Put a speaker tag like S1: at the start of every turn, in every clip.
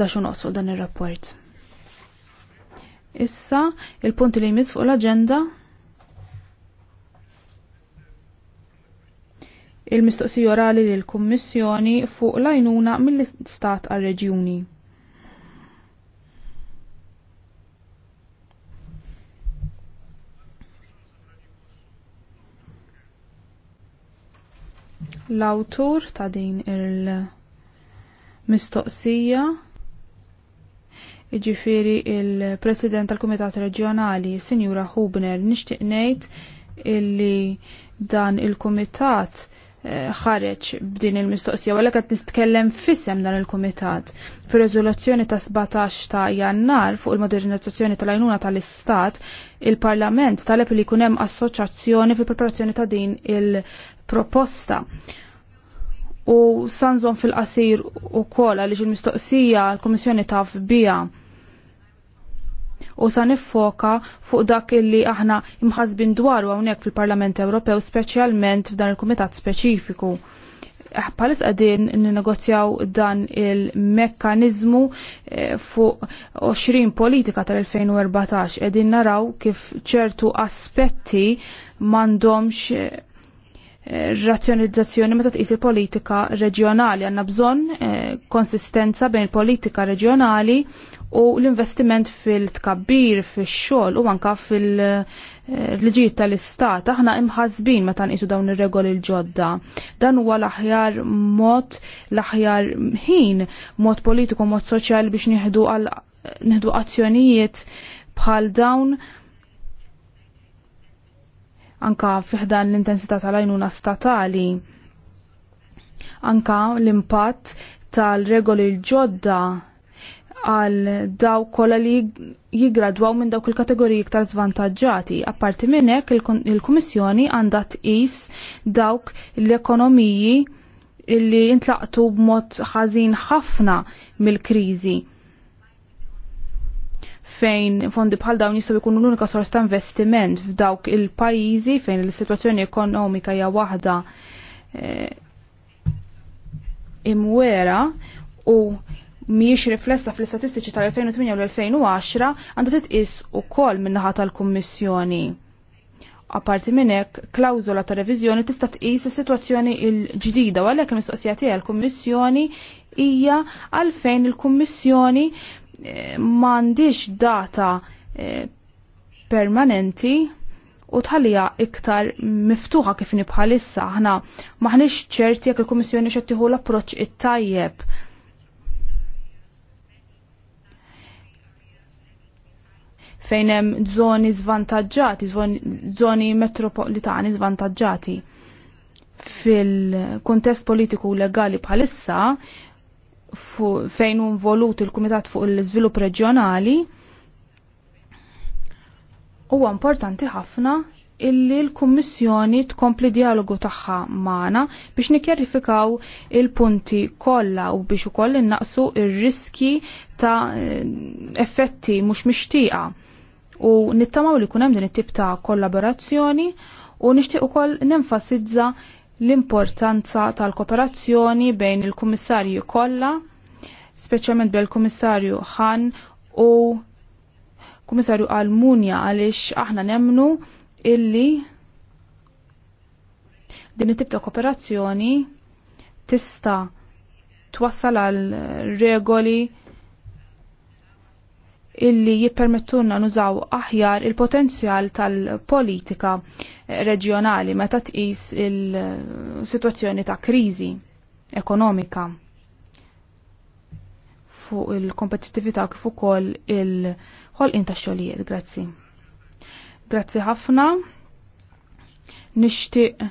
S1: xun noqsu dan ir-rapport. Issa, il-punt li jmiss fuq l-agenda il-mistoqsija orali l kummissjoni fuq lajnuna mill-istat għal reġjuni L-awtur ta' din il-mistoqsija Iġifiri il-President tal-Kumitat Reġjonali, Sinjura Hubner, nixtieq ngħid illi dan il-Kumitat eh, ħareġ b'din il-mistoqsija, għalek għat nistkellem fissem dan il-komitat. Fir-rezoluzzjoni ta' 17 ta' jannar fuq il-modernizzazzjoni tal ajnuna tal-Istat, il-Parlament talep li kunem assoċazzjoni fil-preparazzjoni ta' din il-proposta. U sanżon fil-qasir u kola li il-mistoqsija l-Komissjoni ta' fbija u sa niffoka fuq dak illi aħna imħazbin dwaru hawnhekk fil-Parlament Ewropew speċjalment f'dan il-Kumitat speċifiku. Eh, Palis għadin n-negozjaw dan il-mekkanizmu eh, fuq 20 politika tal-2014 għadin naraw kif ċertu aspetti mandomx eh, razzjonalizzazzjoni meta tqis il-politika reġjonali għandna bżonn eh, konsistenza bejn il-politika reġjonali u l-investiment fil-tkabbir, fix-xogħol u anka fil-liġijiet tal-istat. Aħna imħasbin meta nqisu dawn ir-regoli l-ġodda. Dan huwa l-aħjar mod, l-aħjar ħin, mod politiku, mod soċjali biex nieħdu għal nieħdu azzjonijiet bħal dawn anka fiħdan l-intensità tal-għajnuna statali, anka l-impatt tal-regoli l-ġodda għal daw kolla li jigradwaw minn dawk il-kategoriji iktar zvantagġati. Apparti minn hekk il-Kummissjoni għandha tqis dawk l-ekonomiji li intlaqtu b'mod ħażin ħafna mill-kriżi fejn fondi bħal dawn jistgħu jkunu l-unika sors ta' investiment f'dawk il-pajjiżi fejn il-sitwazzjoni ekonomika hija waħda eh, imwera u miex riflessa fl-istatistiċi tal-2008 u l-2010 għandha titqis ukoll min-naħa tal-Kummissjoni. Aparti minn hekk, ta' reviżjoni tista' tqis is-sitwazzjoni il ġdida u għalhekk il-mistoqsija tiegħi l-Kummissjoni hija għalfejn il-Kummissjoni m'għandix data eh, permanenti u tħallija iktar miftuħa kif nibħalissa aħna maħniex ċerti jekk il komissjoni xed tieħu l-approċċ it-tajjeb. Fejn hemm żoni żvantaġġati, żoni metropolitani żvantaġġati fil-kontest politiku legali bħalissa fejn hu involut il-Kumitat fuq l-Iżvilupp Reġjonali huwa importanti ħafna illi l-Kummissjoni tkompli dialogu tagħha magħna biex nikkjarifikaw il-punti kollha u biex ukoll innaqsu ir-riski ta' effetti mhux mixtieqa u nittamaw li kun hemm din it-tip ta' kollaborazzjoni u nixtieq ukoll nenfasizza l-importanza tal-kooperazzjoni bejn il-kummissarju kollha, speċjalment bejn il-kummissarju Han u kummissarju Almunja għaliex aħna nemnu illi din it-tip ta' kooperazzjoni tista' twassal għal regoli illi jippermettuna nużaw aħjar il-potenzjal tal-politika reġjonali meta tqis il-sitwazzjoni ta' kriżi ekonomika fuq il-kompetittività kif ukoll il-ħolqien ta' xogħlijiet. Grazzi. Grazzi ħafna. Nixtieq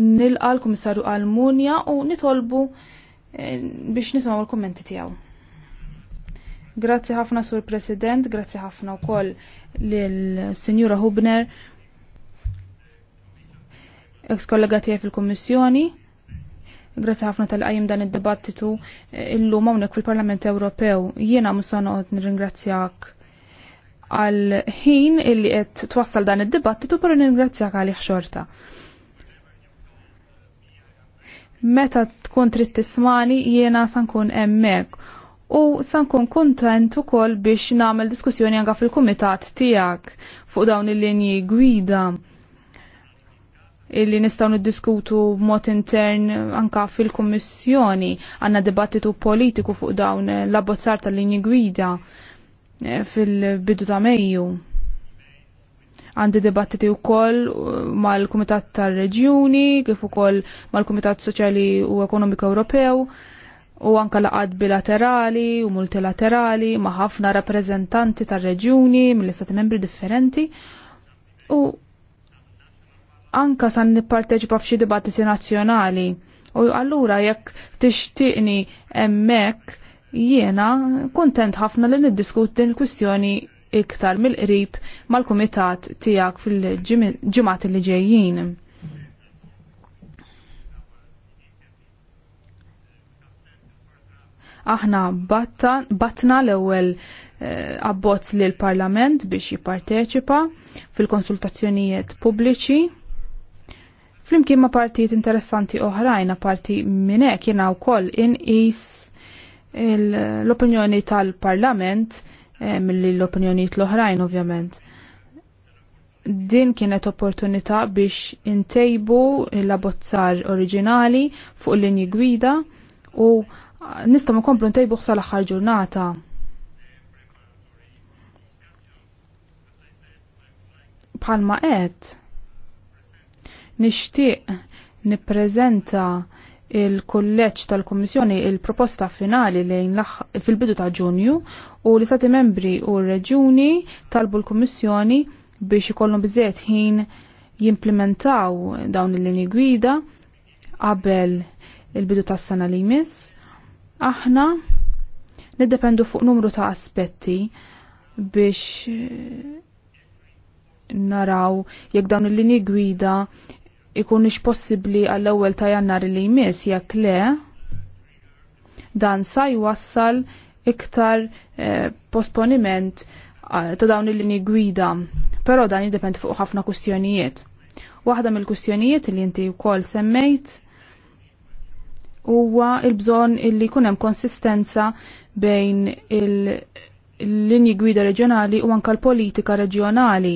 S1: nilqa' l-Kummissarju Almunja u nitolbu eh, biex nisimgħu l-kummenti tiegħu. Grazzi ħafna Sur President, grazzi ħafna wkoll lil Sinjura Hubner ex kollega tiegħi fil-Kummissjoni. Grazzi ħafna tal-qajjem dan id-dibattitu eh, illum hawnhekk fil-Parlament Ewropew. Jiena musa noqgħod nirringrazzjak għal ħin illi qed twassal dan id-dibattitu però nirringrazzjak għal xorta. Meta tkun trid tismani jiena sa nkun hemmhekk u sankun kontent u kol biex namel diskussjoni għanga fil-komitat tijak fuq dawn il-linji gwida illi nistaw niddiskutu b'mod intern anka fil-Kummissjoni għanna dibattitu politiku fuq dawn l-abbozzar tal-linji gwida eh, fil-bidu ta' Mejju. Għandi dibattiti wkoll eh, mal-Kumitat tar-Reġjuni, kif ukoll mal-Kumitat Soċjali u Ekonomiku Ewropew u anka laqad bilaterali u multilaterali ma' ħafna rappreżentanti tar-reġjuni mill-istati membri differenti u anka san nipparteċipa f'xi dibattiti nazzjonali. U allura jekk tixtiqni hemmhekk jiena kuntent ħafna li niddiskuti l-kwistjoni iktar mill-qrib mal-kumitat tiegħek fil-ġimgħat li ġejjin. Aħna batna l-ewwel eh, abbozz li l-Parlament biex jipparteċipa fil-konsultazzjonijiet pubbliċi flimkien ma' partijiet interessanti oħrajn, parti minn hekk jiena wkoll inqis l-opinjoni tal-Parlament eh, milli l-opinjonijiet l-oħrajn ovvjament. Din kienet opportunità biex intejbu l-abbozzar oriġinali fuq l linji gwida u nistgħu ma komplu ntejbu sal aħħar ġurnata. Palma qed Nixtieq nippreżenta il-kulleġġ tal-Kummissjoni il-proposta finali lejn fil-bidu ta' Ġunju u l stati membri u r-reġuni talbu l-Kummissjoni biex ikollhom biżejjed ħin jimplementaw dawn il-linji gwida qabel il-bidu tas-sena li jmiss. Aħna niddependu fuq numru ta' aspetti biex naraw jekk dawn il-linji gwida ikunix possibbli għall-ewwel ta' jannar li jmiss jekk le dan sa jwassal iktar eh, posponiment eh, ta' dawn il-linji gwida, però dan jidepend fuq ħafna kustjonijiet. Waħda mill-kustjonijiet li inti wkoll semmejt huwa il-bżonn illi jkun hemm konsistenza bejn il-linji gwida reġjonali u anke l-politika reġjonali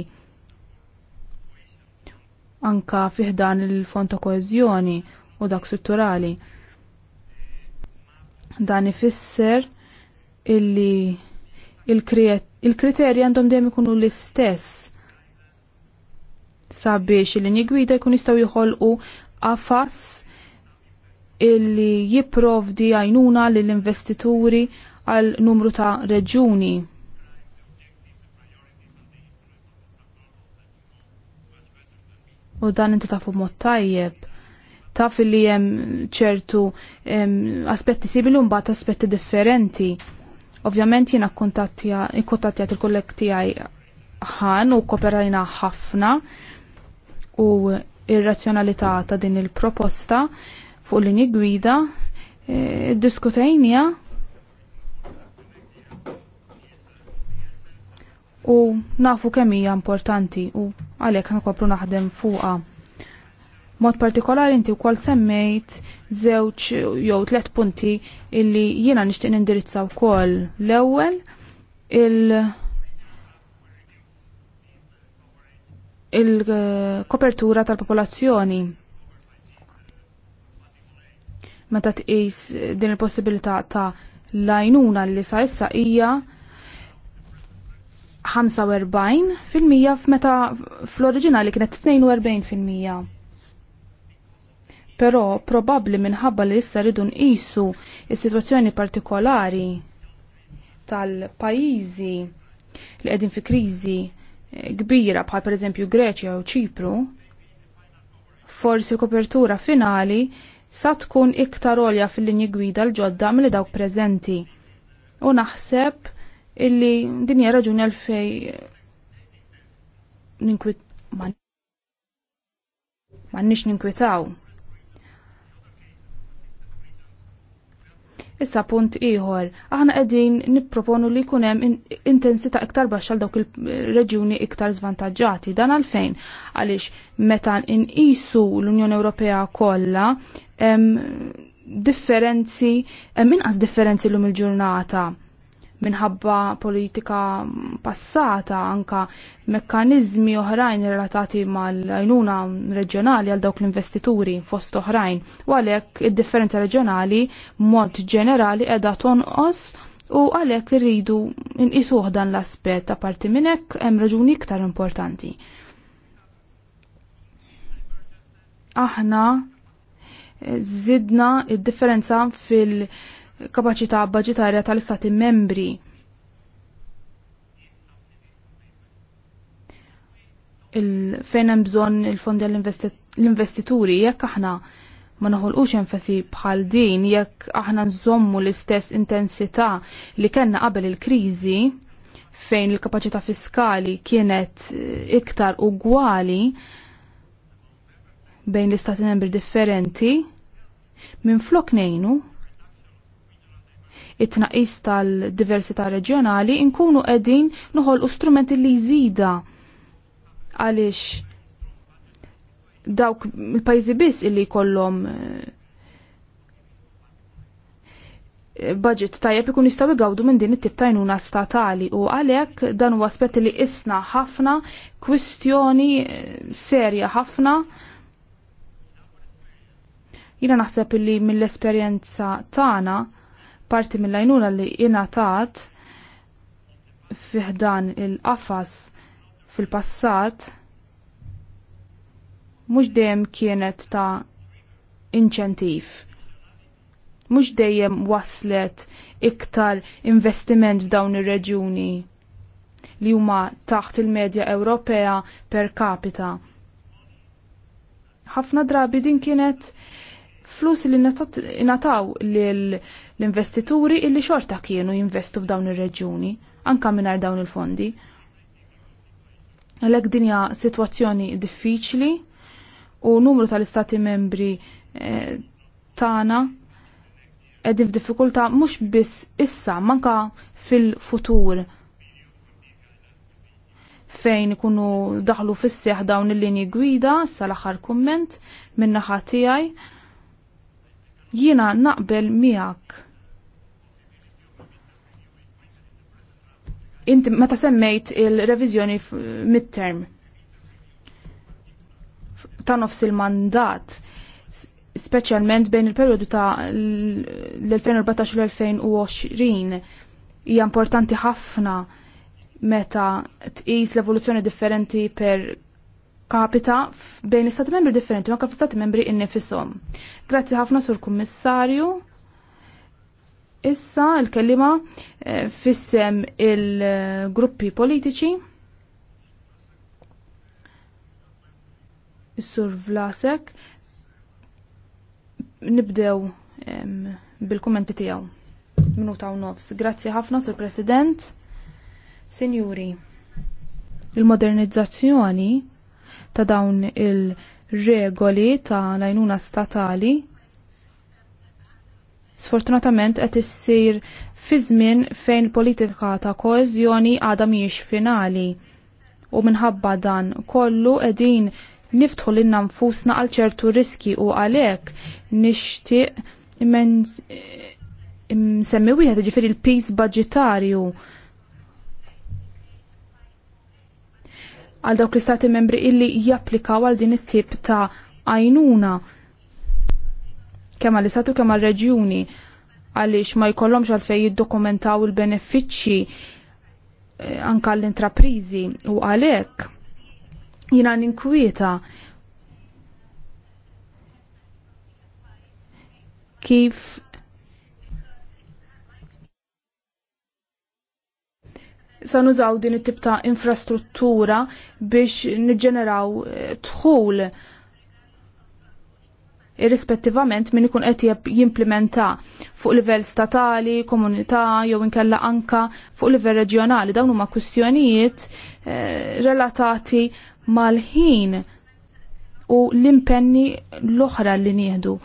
S1: anka fiħdan il-fond ta' koeżjoni u dak strutturali. Dan ifisser illi il-kriterji għandhom dejjem ikunu l-istess sabiex il-linji gwida jkun jistgħu jħolqu qafas illi jipprovdi għajnuna lill investituri għal numru ta' reġuni u dan inti tafu mod tajjeb. Taf li hemm ċertu aspetti simili u mbagħad aspetti differenti. Ovvjament jiena kkuntattjat il-kollek tiegħi ħan u koperajna ħafna u ir-razzjonalità ta' din il-proposta fuq linji gwida e, u nafu kemm hija importanti u għalhekk ħankopru naħdem fuqha. Mod partikolari inti wkoll semmejt żewġ jew tliet punti illi jiena nixtieq nindirizza wkoll. L-ewwel il- il-kopertura tal-popolazzjoni. Meta tqis din il-possibilità ta' lajnuna li sa' issa hija 45 fil-mija f'meta fl-oriġinali kienet 42 fil-mija. Però probabbli minħabba li issa ridu nqisu s sitwazzjoni partikolari tal-pajjiżi li qegħdin fi kriżi eh, kbira bħal pereżempju Greċja u Ċipru, forsi l-kopertura finali sa tkun iktar olja fil-linji gwida l-ġodda mill dawk preżenti. U naħseb illi din hija raġuni għal fej ninkwit m'għandniex ninkwitaw. Issa punt ieħor, aħna qegħdin nipproponu li jkun hemm intensità iktar għal dawk il-reġjuni iktar svantaġġati Dan għalfejn għaliex meta nqisu l-Unjoni Ewropea kollha differenzi, hemm inqas differenzi lum il-ġurnata minħabba politika passata anka mekkanizmi oħrajn relatati mal-għajnuna reġjonali għal dawk l-investituri fost oħrajn u għalhekk id-differenza reġjonali mod ġenerali qiegħda tonqos u għalhekk irridu nqisuh dan l-aspett apparti minn hekk hemm raġuni iktar importanti. Aħna zidna id-differenza fil- kapaċità budgetarja tal-istati membri. fejn hemm bżonn il-fondi l-investituri jekk aħna ma naħolqux enfasi bħal din jekk aħna nżommu l-istess intensità li kellna qabel il-kriżi fejn il-kapaċità fiskali kienet eh, iktar ugwali bejn l-istati membri differenti minn flok nejnu it-tnaqis tal-diversità reġjonali nkunu qegħdin noħolqu strumenti li jżida għaliex dawk il pajzi biss illi jkollhom eh, budget tajjeb ikun jistgħu jgawdu minn din it-tip tajnuna statali u għalhekk dan huwa aspett li isna ħafna kwistjoni eh, serja ħafna jina naħseb illi mill-esperjenza tagħna parti mill-lajnuna li ingħatat fiħdan il-qafas fil-passat mhux dejjem kienet ta' inċentiv. Mhux dejjem waslet iktar investiment f'dawn ir-reġjuni li huma taħt il-medja Ewropea per capita. Ħafna drabi din kienet flus li nataw l-investituri illi xorta kienu jinvestu f'dawn ir-reġjuni, anka mingħajr dawn il-fondi. Għalhekk dinja sitwazzjoni diffiċli u numru tal-istati membri eh, tagħna qegħdin f'diffikultà mhux biss issa, manka fil-futur fejn ikunu daħlu fis-seħ dawn il-linji gwida, sal-aħħar kumment naħa tiegħi Jiena naqbel miegħek. Inti meta semmejt il-reviżjoni midterm ta' nofs il-mandat, speċjalment bejn il-periodu ta' l-2014 u l-2020 hija importanti ħafna meta tqis l-evoluzzjoni differenti per kapita bejn istati membri differenti ma anke istati membri fissom. Grazzi ħafna sur kummissarju. Issa l-kellima eh, fissem il-gruppi politiċi. Is-sur Vlasek. Nibdew bil-kommenti tiegħu. Minuta u nofs. Grazzi ħafna sur President. Sinjuri, il-modernizzazzjoni ta' dawn il-regoli ta' lajnuna statali sfortunatament qed issir fi żmien fejn politika ta' koeżjoni għadha mhijiex finali. U minħabba dan kollu qegħdin niftħu lilna nfusna għal ċertu riski u għalhekk nixtieq semmi wieħed ġifieri l peace budgetarju. għal dawk l-istati membri illi japplikaw għal din it-tip ta' għajnuna kemm għal istatu kemm għal reġjuni għaliex ma jkollhomx għalfejn jiddokumentaw il-benefiċċji eh, anka l-intraprizi u għalhekk jina ninkwieta kif sa nużaw din it-tip ta' infrastruttura biex niġġeneraw tħul eh, irrispettivament minn ikun qed jimplementa fuq livell statali, komunità jew inkella anka fuq livell reġjonali dawn huma kwistjonijiet eh, relatati mal-ħin u l-impenni l-oħra li nieħdu.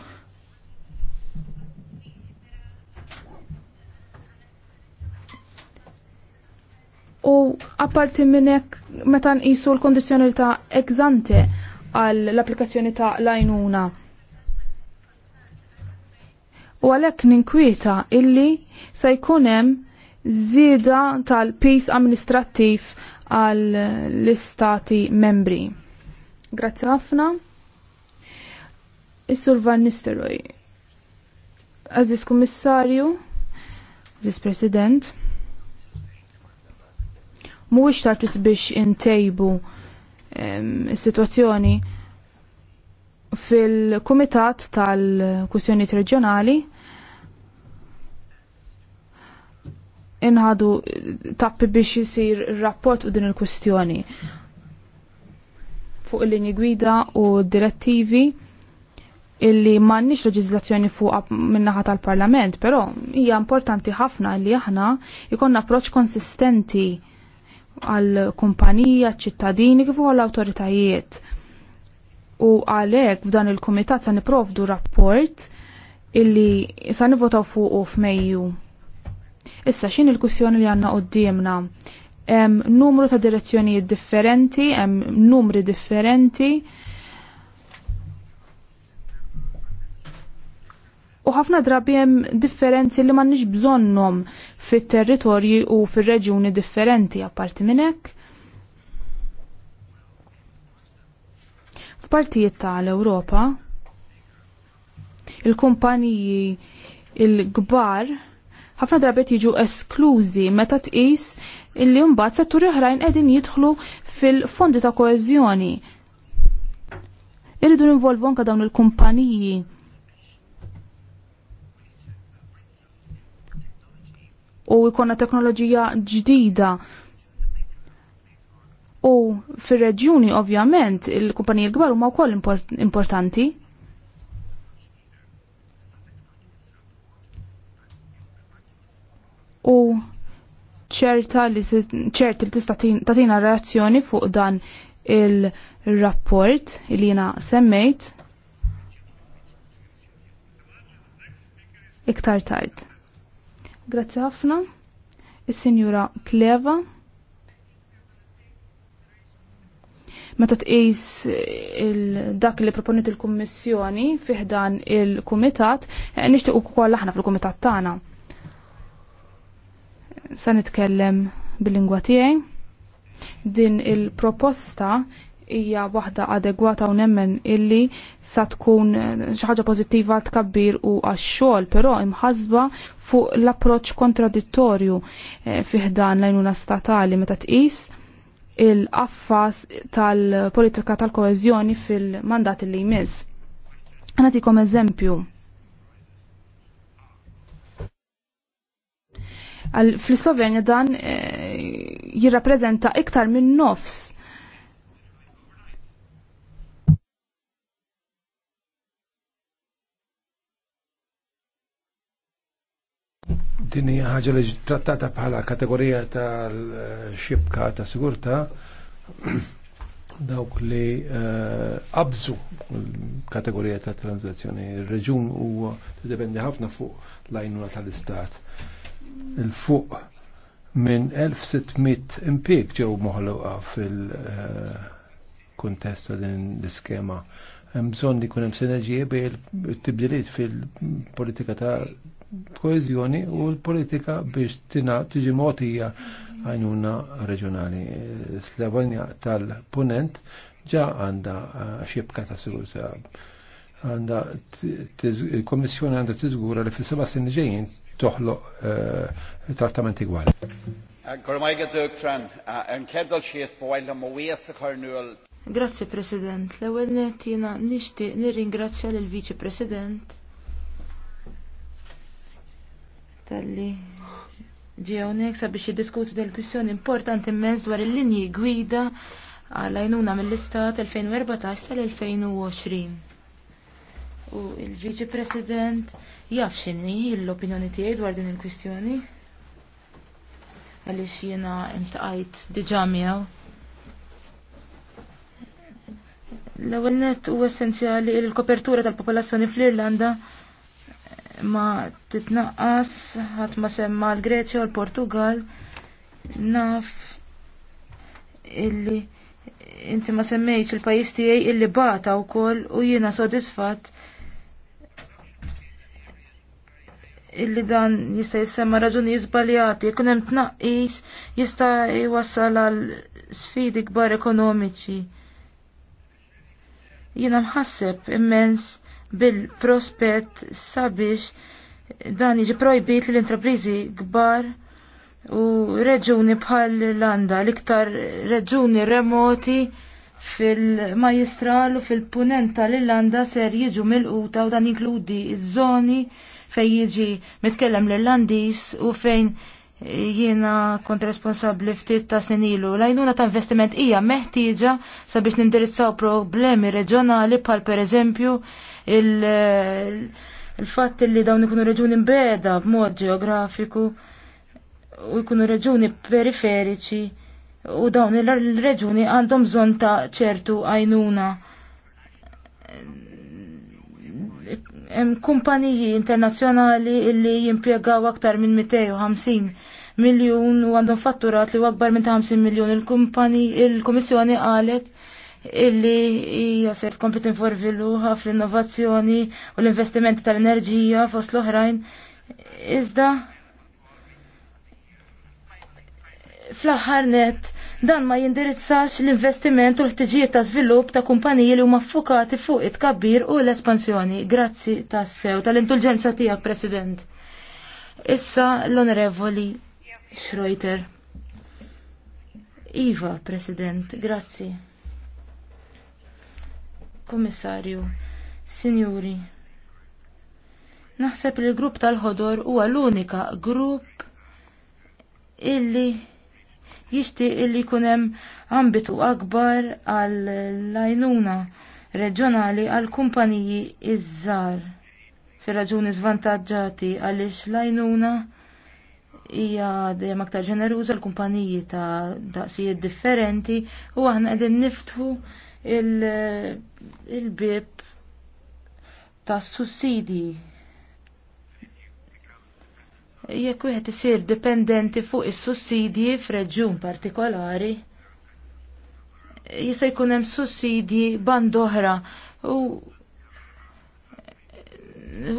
S1: u apparti minnek meta nqisu l-kondizjoni ta' egzante għal l-applikazzjoni ta' lajnuna. U għalhekk ninkwieta illi se jkun hemm żieda tal-pis amministrattiv għal l-istati membri. Grazzi ħafna. Is-Sur Van Nisteroj. Aziz Kummissarju, Aziz President, mhuwiex tartus biex intejbu situazzjoni sitwazzjoni fil-Kumitat tal-Kwistjonijiet Reġjonali inħadu tappi biex jisir rapport u din il-kwistjoni fuq il-linji gwida u direttivi illi m'għandniex leġiżlazzjoni fuq minnaħa tal-Parlament, però hija importanti ħafna li aħna jkollna approċċ konsistenti għal kumpanija, ċittadini kif għal awtoritajiet. U għalhekk f'dan il-kumitat sa niprofdu rapport illi sa nivotaw fuq u f'Mejju. Issa xin il-kussjoni li għanna d Hemm numru ta' direzzjonijiet differenti, hemm numri differenti u ħafna drabi hemm differenzi li m'għandniex bżonnhom fit-territorji u fir-reġjuni differenti apparti minn hekk. F'partijiet tal-Ewropa il-kumpaniji il-kbar ħafna drabi jiġu esklużi meta tqis illi mbagħad setturi oħrajn qegħdin jidħlu fil-fondi ta' koeżjoni. Irridu ninvolvu anke dawn il-kumpaniji u jkollna teknoloġija ġdida. U fir-reġjuni ovvjament il-kumpaniji kbar huma wkoll importanti. U ċerta li ċert li tista' tagħtina reazzjoni fuq dan il-rapport il jiena semmejt iktar tard. Grazzi ħafna. Is-Sinjura Kleva. Meta tqis eh, dak li proponiet il-Kummissjoni fih dan il-Kumitat, eh, nixtieq ukoll aħna fil-Kumitat tagħna. Sa nitkellem bil-lingwa tiegħi. Din il-proposta hija waħda adegwata u nemmen illi sa tkun eh, xi ħaġa pożittiva tkabbir u għax-xogħol, però imħasba fuq l-approċċ kontradittorju ħdan eh, l-għajnuna statali meta tqis il-qaffas tal-politika tal-koeżjoni fil-mandat li jmiss. Għanatikom eżempju. Fl-Slovenja dan eh, jirrappreżenta iktar minn nofs
S2: Din hija ħaġa li trattata bħala kategorija tal-xibka ta' sigurta dawk li eh, qabżu kategorija ta' tranzazzjoni. Ir-reġun huwa dependi ħafna fuq l-għajnuna tal-istat. Il-fuq minn 1600 impieg ġew moħluqa fil eh, kontesta ta' din l-iskema. Mżon bżonn li kunem hemm sinerġija bejn il-tibdiliet fil-politika ta' koezjoni u l-politika biex tina tiġi motija għajnuna reġjonali. Slavonja tal-ponent ġa għanda eh, xibka ta' sigurta għanda il-Komissjoni għanda tiżgura li fis-seba' sin ġejjin toħloq eh, trattamenti gwali.
S3: Grazie President, l-ewwel nettina nixtieq nirringrazzja lill-Viċi President tal-li ġewnek sabiex jiddiskutu del kwistjoni importanti immens dwar il-linji gwida għal-għajnuna mill-istat 2014 tal-2020. U il-Viċi President jaf xini l-opinjoni tiegħi dwar din il-kwistjoni għaliex jiena intqajt diġà miegħu. L-ewwel nett u essenzjali l-kopertura tal-popolazzjoni fl-Irlanda ma titnaqqas ħadd ma semma l-Greċja u l-Portugal naf illi inti ma semmejx il-pajjiż tiegħi illi bata wkoll u jiena sodisfatt illi dan jista' jissemma raġuni żbaljati jkun hemm tnaqqis jista' jwassal għal sfidi kbar ekonomiċi. Jiena mħasseb immens bil-prospett sabiex dan jiġi projbit l intrapriżi kbar u reġuni bħal l-Irlanda, l-iktar reġuni remoti fil-majistral u fil-punent tal-Irlanda ser jiġu mill-quta u dan jinkludi ż żoni fejn jiġi mitkellem l irlandis u fejn jiena kont responsabli ftit ta' snin ilu. Lajnuna ta' investiment hija meħtieġa sabiex nindirizzaw problemi reġjonali bħal pereżempju il-fatt il li dawn ikunu reġuni mbeda b'mod ġeografiku u jkunu reġuni periferiċi u dawn il-reġuni għandhom bżonn ta' ċertu għajnuna hemm kumpaniji internazzjonali li jimpjegaw aktar minn 250 miljun u għandhom fatturat li akbar minn 50 miljun il-Kummissjoni il qalet illi hija se tkompli tinforviluha fl-innovazzjoni u l-investimenti tal-enerġija fost l-oħrajn. Iżda fl-aħħar net Dan ma jindirizzax l-investiment u l-ħtiġijiet ta' żvilupp ta' kumpaniji li huma ffukati fuq it-kabbir u l-espansjoni. Grazzi tassew tal-indulġenza tiegħek, President. Issa l-Onorevoli Schroeter. Iva, President, grazzi. Kommissarju, Sinjuri, naħseb li l-grupp tal-ħodor huwa l-unika grupp illi jixtieq illi jkun hemm ambitu akbar għall-lajnuna reġjonali għall kumpaniji iż żar fir raġuni żvantaġġati għaliex lajnuna hija dejjem aktar ġeneruża l-kumpaniji ta' daqsijiet differenti u aħna qegħdin niftħu il-bib il ta' sussidji jekk wieħed isir dipendenti fuq is-sussidji f'reġjun partikolari jista' jkun hemm sussidji band oħra u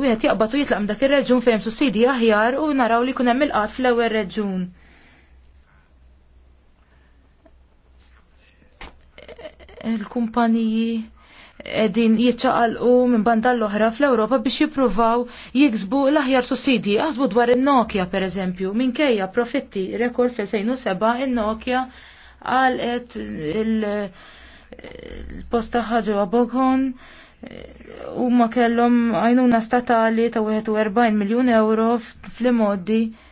S3: wieħed jaqbad u jitlaq dak ir-reġjun fejn sussidji aħjar u naraw li jkun hemm il-qatt fl-ewwel reġjun. Il-kumpaniji edin jitċaqalqu minn banda l-oħra fl-Ewropa biex jippruvaw jiksbu l-aħjar sussidji. Għazbu dwar il-Nokia per eżempju, minkejja profitti rekord fil-2007 il-Nokia għalqet il-posta ħagġu għabogħon u ma kellhom għajnuna statali ta' 41 miljun euro fl-modi. Fl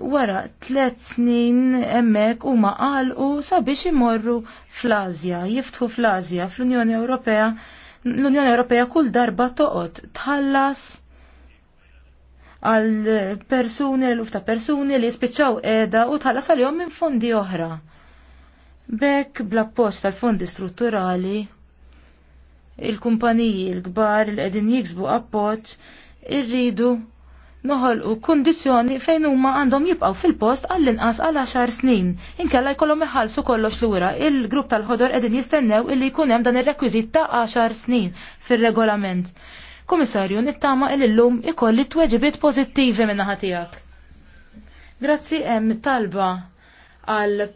S3: wara tlet snin emmek u maqalqu sabiex imorru fl-Azja, jiftħu fl-Azja, fl-Unjoni Ewropea. L-Unjoni Ewropea kull darba toqgħod tħallas għal persuni, l ta' persuni li jispiċċaw qiegħda u tħallas għalihom minn fondi oħra. B'hekk bl-appoġġ tal-fondi strutturali, il-kumpaniji l-kbar li qegħdin jiksbu appoġġ irridu il noħolqu kundizzjoni fejn huma għandhom jibqgħu fil-post għall-inqas għal 10 snin. Inkella jkollhom iħallsu kollox lura. Il-grupp tal-ħodor qegħdin jistennew illi jkun hemm dan ir-rekwiżit ta' 10 snin fir-regolament. Komissarju, nittama il-lum ikolli tweġibiet pożittivi minn tiegħek. Grazzi hemm talba għal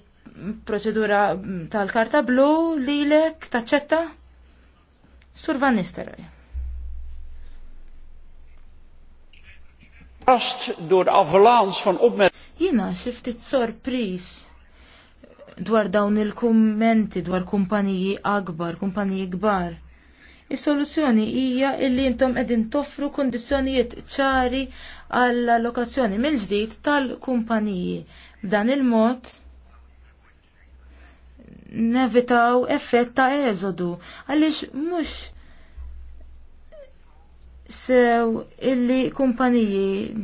S3: proċedura tal-karta blu lilek taċċetta? Sur Van Nistelrooy. Rast door de avalanche van opmerkingen. Jina it sorpris dwar dawn il-kummenti dwar kumpaniji akbar, kumpaniji kbar. Is-soluzzjoni hija illi intom qegħdin toffru kondizzjonijiet ċari għall allokazzjoni mill ġdid tal-kumpaniji. B'dan il-mod nevitaw effett ta' eżodu għaliex mhux sew illi kumpaniji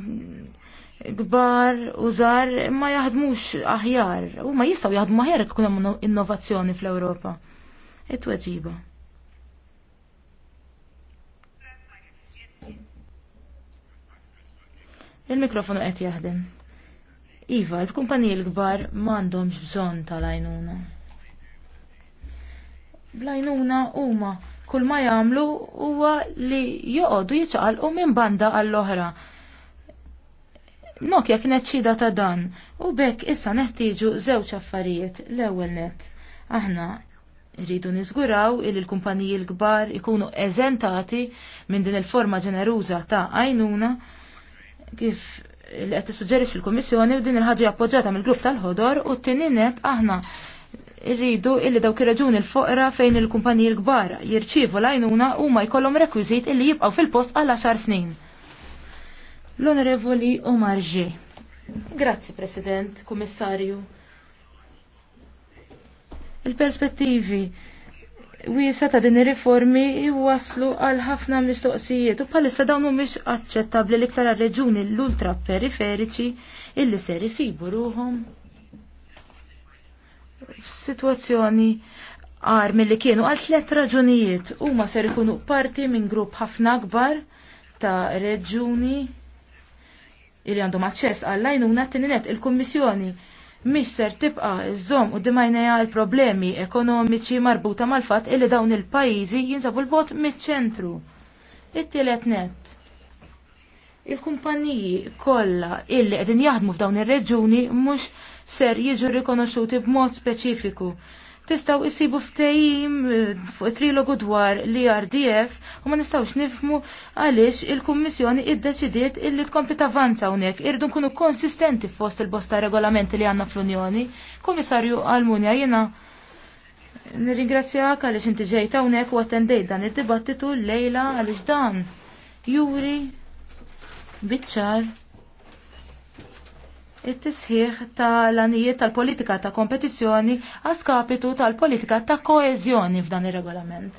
S3: kbar u żgħar ma jaħdmux aħjar u ma jistgħu jaħdmu aħjar kuna hemm innovazzjoni fl-Ewropa. Et tweġiba Il-mikrofonu qed jaħdem. Iva, il-kumpaniji l-kbar m'għandhomx bżonn tal-għajnuna. Blajnuna huma kull ma jagħmlu huwa li joqogħdu jiċaqalqu minn banda għall-oħra. Nokja kienet xhieda ta' dan u bekk issa neħtieġu żewġ affarijiet l-ewwel net. Aħna rridu niżguraw il l-kumpaniji l-kbar ikunu eżentati minn din il-forma ġeneruża ta' għajnuna kif li qed tissuġġerix il-Kummissjoni u din il-ħaġa appoġġjata mill-grupp tal-ħodor u t net aħna Irridu illi dawk ir-raġuni l-foqra fejn il-kumpaniji l-kbar jirċivu l-għajnuna u ma jkollhom rekwiżit illi jibqgħu fil-post għal 10 snin. L-Onorevoli Omar G. Grazzi, President, Kummissarju. Il-perspettivi wiesa ta' din ir-riformi jwaslu għal ħafna mistoqsijiet u bħalissa dawn mhumiex aċċettabbli l-iktar għar-reġuni l-ultra periferiċi illi ser isibu ruhom f'sitwazzjoni għar li kienu għal tliet raġunijiet huma ser ikunu parti minn grupp ħafna akbar ta' reġuni illi għandhom aċċess għall-għajnuna t-tininet il-Kommissjoni mhix ser tibqa' żomm u dimajnejha l-problemi ekonomiċi marbuta mal-fatt illi dawn il-pajjiżi jinsabu l-bot miċ-ċentru. It-tielet net. Il-kumpaniji kollha illi qegħdin jaħdmu f'dawn ir-reġuni mhux ser jiġu rikonoxxuti b'mod speċifiku. Tistaw isibu ftejim eh, fuq trilogu dwar li RDF u ma nistawx nifmu għaliex il-Kummissjoni id-deċidiet illi tkompli tavanza hawnhekk irdu nkunu konsistenti fost il-bosta regolamenti li għandna fl-Unjoni. Kummissarju Almunja jiena nirringrazzjak għaliex inti ġejta unek u attendejt dan id-dibattitu lejla għaliex dan juri bitċar it-tisħiħ tal-anijiet tal-politika ta' kompetizzjoni għaskapitu tal-politika ta' koezjoni f'dan ir-regolament.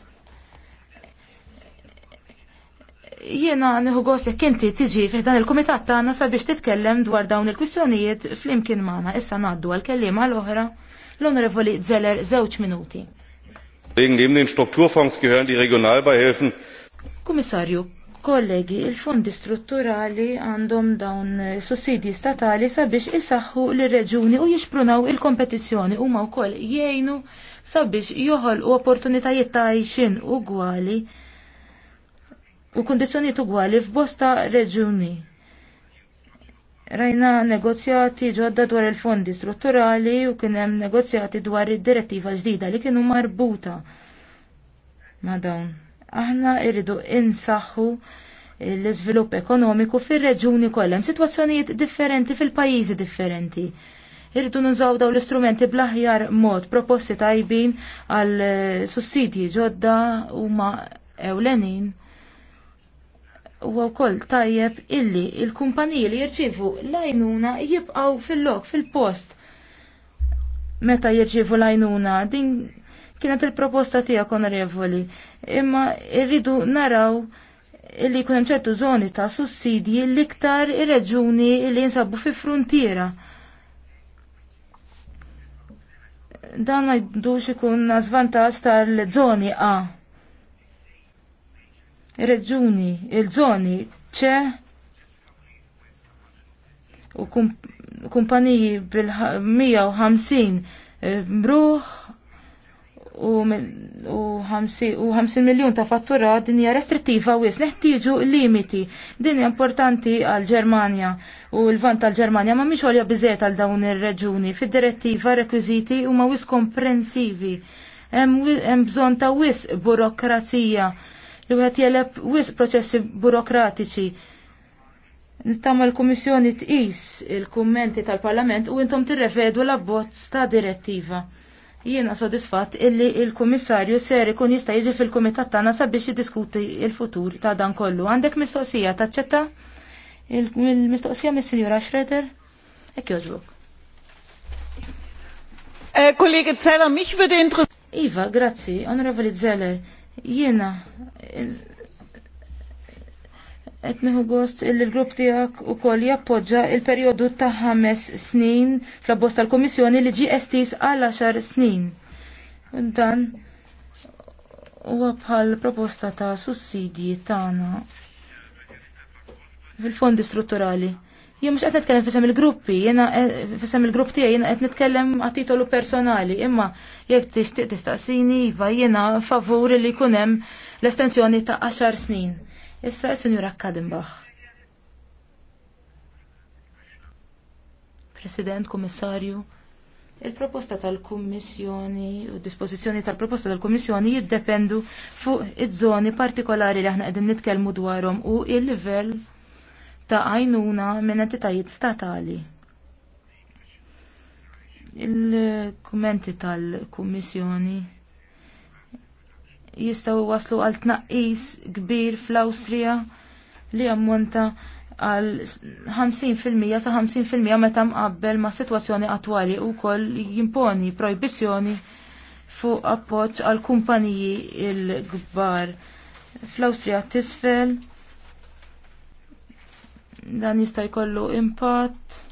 S3: Jiena nieħu gost jekk inti tiġi fih dan il-kumitat tagħna sabiex titkellem dwar dawn il-kwistjonijiet flimkien magħna. Issa ngħaddu għall-kelliema l-oħra l-Onorevoli Zeller żewġ minuti.
S2: Wegen neben den Strukturfonds gehören die Regionalbeihilfen.
S3: Kommissarju, Kollegi, il-fondi strutturali għandhom dawn sussidji statali sabiex isaħħu l-reġuni u jixprunaw il-kompetizzjoni u ma' wkoll jgħinu sabiex joħol u opportunitajiet ta' għajxin ugwali u kondizjoniet ugwali f'bosta reġuni rajna negozjati ġodda dwar il-fondi strutturali u kien hemm negozjati dwar id-direttiva ġdida li kienu marbuta ma' dawn. Aħna irridu insaħħu l-iżvilupp ekonomiku fir-reġuni kollha, sitwazzjonijiet differenti fil-pajjiżi differenti. Irridu nużaw dawn l-istrumenti bl-aħjar mod proposti tajbin għal sussidji ġodda huma ewlenin u wkoll tajjeb illi il-kumpaniji li jirċivu lajnuna jibqaw fil-lok fil-post meta jirċivu lajnuna din kienet il-proposta tiegħek konorevoli, imma irridu naraw li jkun hemm ċertu żoni ta' sussidji l-iktar ir-reġuni li jinsabu fi frontiera. Dan ma jdux ikun żvantaġġ tal-żoni A. Reġuni, il-żoni ċe u kumpaniji bil-150 eh, mruħ U 50 miljun ta' fattura din hija restrittiva wis neħtieġu limiti. Din hija importanti għal Ġermanja u l-vant tal ġermanja ma mhix għolja bizet għal dawn ir-reġuni. Fid-direttiva rekwiżiti huma wis komprensivi. Hemm bżonn ta' wis burokrazija li wieħed jeleb wis proċessi burokratiċi. Nittama l-Kummissjoni tqis il-kummenti tal-Parlament u intom tirrevedu l-abbozz ta' direttiva. Jiena sodisfatt illi il-Kummissarju ser ikun jista' jiġi fil-Kumitat tagħna sabiex jiddiskuti l-futur ta' dan kollu. Għandek mistoqsija taċċetta? Il-mistoqsija mis-Sinjura Schroeder? Hekk jogħġbok. Äh, Kollegi Zeller, mich würde interessieren. Iva, grazzi, onorevoli Zeller, jiena Etniħu gost il-grupp tijak u koll jappoġġa il-periodu ta' ħames snin fl-abbost tal-Komissjoni li ġi estis għal 10 snin. Dan huwa bħal proposta ta' sussidji tagħna fil-fondi strutturali. Jien mhux qed nitkellem fissam il-gruppi, jiena eh, fisem il-grupp tiegħi jena qed nitkellem għat titolu personali, imma jekk tixtieq tistaqsini iva jiena favur li jkun hemm l-estensjoni ta' 10 snin Issa Sinjura Kadimbach. President, Komissarju, il-proposta tal-Kummissjoni u dispożizzjoni tal-proposta tal-Kummissjoni jiddependu fuq iż-żoni partikolari li aħna qegħdin nitkellmu dwarhom u il-livell ta' għajnuna minn entitajiet statali. Il-kummenti tal-Kummissjoni jistgħu waslu għal tnaqqis kbir fl-Awstrija li ammonta għal 50% sa 50% meta mqabbel ma' sitwazzjoni attwali u koll jimponi projbizjoni fuq appoġġ għal kumpaniji il-gbar fl-Awstrija tisfel dan jista' jkollu impatt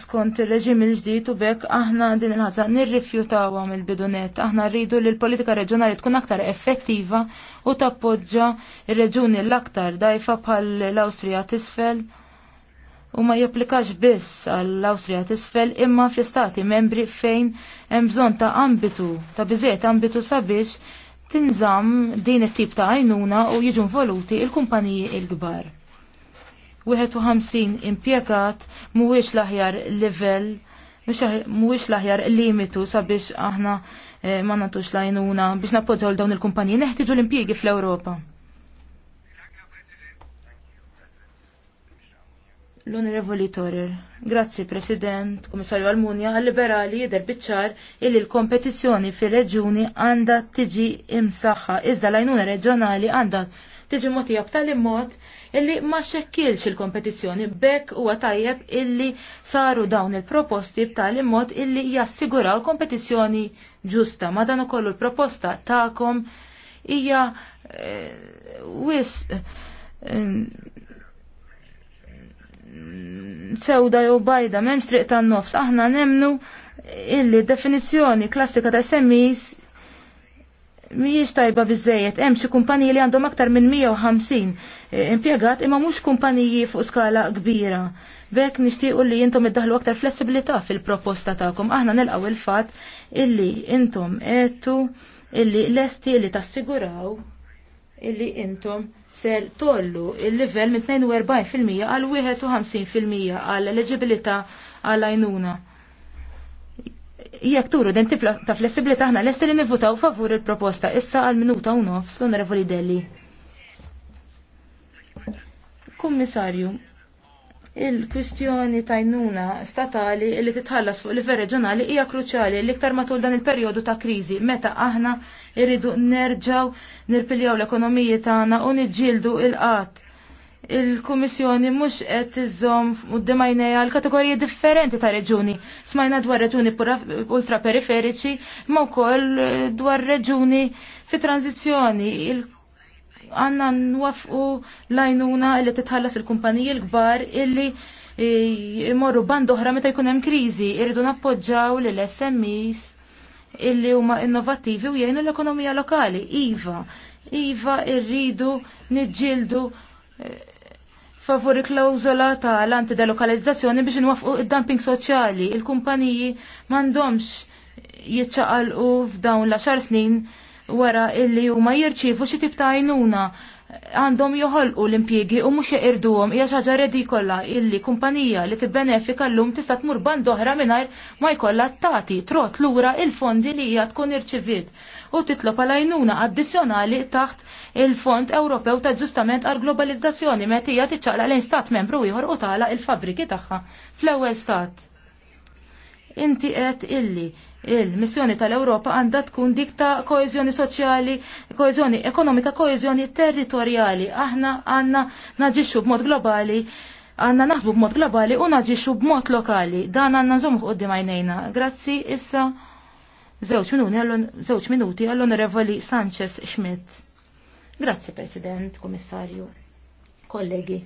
S3: skont ir-reġim il-ġdid u bekk aħna din il-ħaġa nirrifjutawha mill-bidunet. Aħna rridu li l-politika reġjonali tkun aktar effettiva u tappoġġa il reġuni l-aktar dajfa bħal l-Awstrija t'isfel u ma japplikax biss għall-Awstrija t'isfel imma fl-istati membri fejn hemm bżonn ta' ambitu, ta' biżejt ambitu sabiex tinżamm din it-tip ta' għajnuna u jiġu involuti il-kumpaniji il-kbar. il kumpaniji il kbar il kbar 51 impjegat mhuwiex l-aħjar livell mhuwiex l-aħjar limitu sabiex aħna eh, ma nagħtux lajnuna biex nappoġġaw dawn il-kumpaniji neħtieġu l-impjiegi fl-Ewropa. L-Onorevoli Torer, grazzi President, Komissarju Almunja, għal-liberali jider bitċar illi l-kompetizjoni fil-reġuni għanda tiġi imsaħħa, iżda l-għajnuna reġjonali għanda tiġi motijab b'tali mod illi ma xekkilx il-kompetizzjoni bekk huwa tajjeb illi saru dawn il-proposti b'tali mod illi jassiguraw kompetizzjoni ġusta. Ma dan ukoll il-proposta ta'kom hija e, wis eh, sewda jew bajda m'hemmx triq tan-nofs aħna nemnu illi definizzjoni klassika ta' semis mhijiex tajba biżejjed hemm xi kumpaniji li għandhom aktar minn 150 eh, impjegat imma mhux kumpaniji fuq skala kbira. Bek nixtiequ li jintom iddaħlu aktar flessibilità fil-proposta tagħkom. Aħna nilqgħu il-fatt illi intom qedtu illi lesti illi tassiguraw illi intom ser tollu il-livell minn 42% għal 51% għal eligibilità għal ajnuna jekk turu den tifla ta' taħna l lesti li nivvutaw favur il-proposta issa għal minuta u nofs l-Onorevoli Delli. Kummissarju, il-kwistjoni tajnuna statali li titħallas fuq livell reġjonali hija kruċjali l-iktar matul dan il-perjodu ta' kriżi meta aħna irridu nerġaw nirpiljaw l-ekonomiji tagħna u niġġieldu il-qatt il-Kummissjoni mhux qed iżomm quddiem għajnejha kategoriji differenti ta' reġuni. Smajna dwar reġuni ultraperiferiċi, ma wkoll dwar reġuni fi tranzizzjoni. Għanna nwafqu lajnuna li titħallas il-kumpaniji l-kbar illi e, imorru band oħra meta jkun hemm kriżi, irridu nappoġġaw lil SMEs illi huma innovattivi u jgħinu l-ekonomija lokali. Iva, Iva irridu niġġieldu e, favori klawżola ta' l-antidelokalizzazzjoni biex nwafqu id-dumping soċjali. Il-kumpaniji m'għandhomx jiċċaqalqu f'dawn l axar snin wara illi huma jirċievu xi tip ta' għajnuna għandhom joħolqu l-impjiegi u mhux iqirduhom hija xi ħaġa redikola illi kumpanija li tibbenefika llum tista' tmur band oħra mingħajr ma jkollha tagħti trot lura il-fondi li hija tkun irċiviet u titlob għal għajnuna addizzjonali taħt il-Fond Ewropew ta' ġustament għal globalizzazzjoni meta hija tiċċaqla lejn stat membru ieħor u tagħlaq il-fabriki tagħha fl-ewwel stat. Inti qed illi Il-missjoni tal-Ewropa għandha tkun dik ta' koeżjoni soċjali, koezjoni ekonomika, koeżjoni territorjali. Aħna għandna naġixxu b'mod globali, għandna naħsbu b'mod globali u naġixxu b'mod lokali. Dan għandna nżommu qudiem għajnejna. Grazzi issa żewġ minuti żewġ minuti għall-Onorevoli Sanchez Schmidt. Grazzi President, Komissarju, kollegi.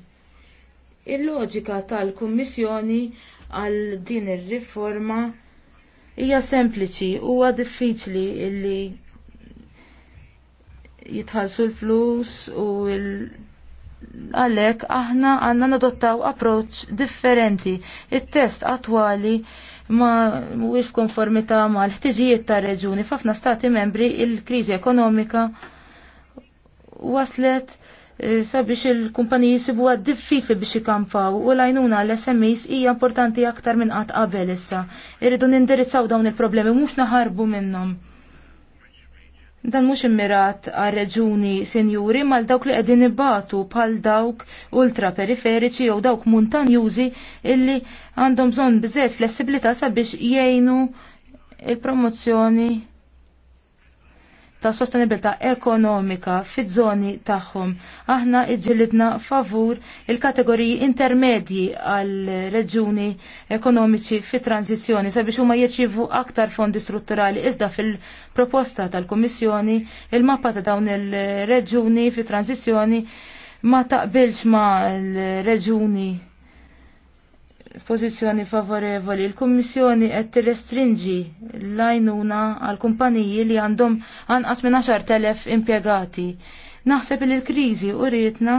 S3: Il-loġika tal-Kummissjoni għal din ir-riforma hija sempliċi huwa diffiċli illi jitħallsu l-flus u l għalek aħna għandna nadottaw approċċ differenti. Il-test attwali ma mhuwiex ma mal ħtiġijiet tar reġuni f'ħafna stati membri il-kriżi ekonomika waslet Eh, sabiex il-kumpaniji għad diffiċli biex ikampaw u l-għajnuna l sms hija importanti aktar minn qatt qabel issa. Irridu nindirizzaw dawn il-problemi mhux naħarbu minnhom. Dan mhux immirat għal reġuni senjuri mal dawk li qegħdin ibatu bħal dawk ultra periferiċi jew dawk muntanjużi illi għandhom bżonn biżejjed flessibilità sabiex jgħinu il-promozzjoni ta' sostenibilità ekonomika fiż-żoni tagħhom. Aħna iġġilidna favur il-kategoriji intermedji għal reġuni ekonomiċi fit tranzizjoni sabiex huma jirċivu aktar fondi strutturali iżda fil-proposta tal-Kummissjoni il-mappa ta' dawn il-reġuni fit tranzizjoni ma taqbilx ma' l-reġuni pożizzjoni favorevoli. Il-Kummissjoni qed tirrestrinġi l-għajnuna għal kumpaniji li għandhom anqas minn 10,000 impjegati. Naħseb li l-kriżi u rietna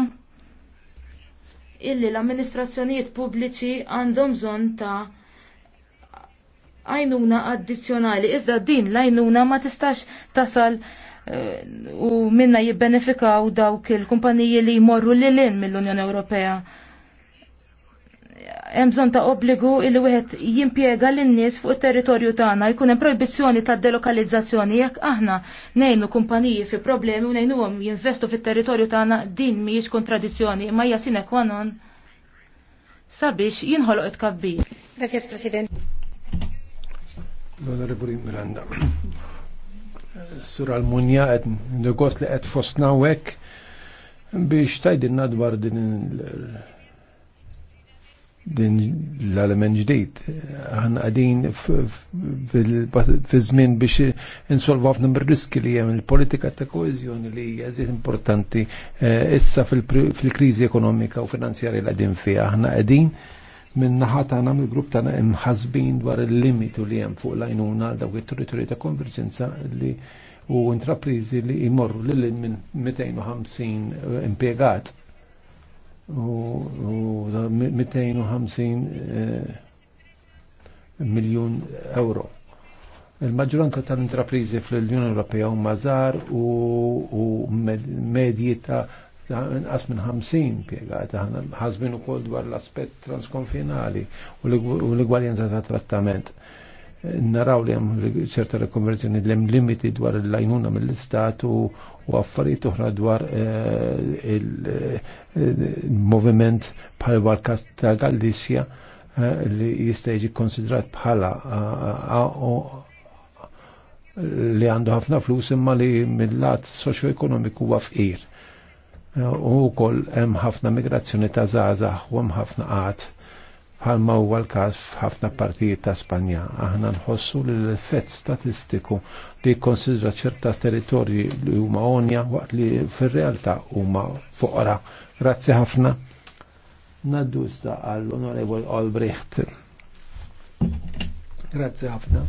S3: illi l-amministrazzjonijiet pubbliċi għandhom bżonn ta' għajnuna addizzjonali. Iżda din l-għajnuna ma tistax tasal eh, u minna jibbenefikaw dawk il-kumpaniji li jmorru l-lin mill-Unjoni Ewropea hemm bżonn ta' obbligu li wieħed jimpjega lin-nies fuq it-territorju tagħna jkun hemm proibizzjoni ta' delokalizzazzjoni jekk aħna ngħinu kumpaniji fi problemi u ngħinuhom jinvestu fit-territorju tagħna din mhijiex kontradizzjoni imma hija sine qua non sabiex jinħoloq it-kabbir. Grazie President.
S2: L-Onorevoli Miranda. Sur Almunja qed negozj li qed fostna hekk biex tajdinna dwar din din l-element ġdid. Għan għadin fi żmien biex insolvu ħafna riski li hemm il-politika ta' koeżjoni li hija importanti eh, issa fil-kriżi ekonomika u finanzjarja li għadin fija. Aħna qegħdin minn naħa tagħna il grupp tagħna imħasbin dwar il-limitu li hemm fuq l-għajnuna il-territori ta' konverġenza li u intraprizi li jmorru lil minn 250 eh, impjegat u 250 eh, miljon euro. Il-maġġoranza tal-intraprizi fl-Unjoni Ewropea u mażar u medji ta' inqas minn 50 pjegata ħażmin ukoll dwar l-aspett transkonfinali u l-igwaljenza ta' trattament. Eh, naraw li hemm ċerta rekonverzjoni li hemm limiti dwar l lajnuna mill-istat u affarijiet oħra dwar eh, il-moviment eh, bħal warkas ta' Galizja eh, li jista' jiġi konsidrat bħala li għandu ħafna flus imma li mill-lat soċjo-ekonomiku huwa fqir. U kol hemm ħafna migrazzjoni ta' żgħażagħ u hemm ħafna qatt ma huwa l-każ f'ħafna partijiet ta' Spanja. Aħna nħossu li l-effett statistiku li jikkonsidra ċerta territorji li huma onja waqt li fir-realtà huma foqra. Grazzi ħafna. Naddu sta għall-Onorevol Albrecht. Grazzi ħafna.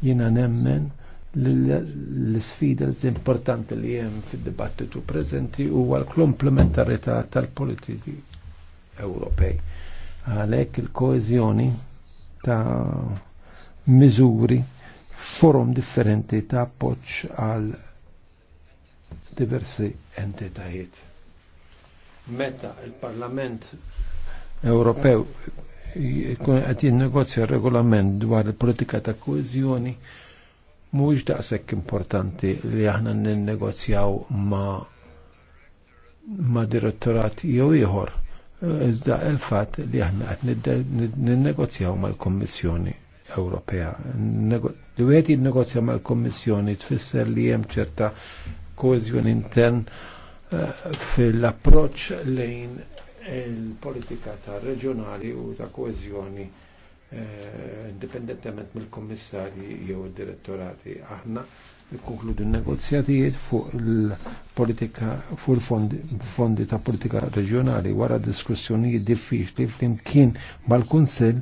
S2: Jiena nemmen l-sfida importanti li hemm fid-dibattitu preżenti huwa l komplementarità tal-politiki Ewropej Għalhekk il koezjoni ta' miżuri forum differenti ta' poċ għal diversi entitajiet. Meta il-Parlament Ewropew qed jinnegozja regolament dwar il-politika ta' koezjoni mhuwiex daqshekk importanti li aħna ninnegozjaw ma ma direttorat jew ieħor Iżda il-fat li aħna qed ninnegozjaw mal-Kommissjoni Ewropea. Li wieħed jinnegozja mal-Kommissjoni tfisser li hemm ċerta koeżjoni intern eh, fil-approċċ lejn il-politika ta' reġjonali u ta' koezjoni eh, indipendentement mill-kommissarji jew id-direttorati. Aħna nikkonkludu n-negozjatijiet fuq il-politika fuq il-fondi ta' politika reġjonali wara diskussjonijiet diffiċli flimkien mal-Kunsill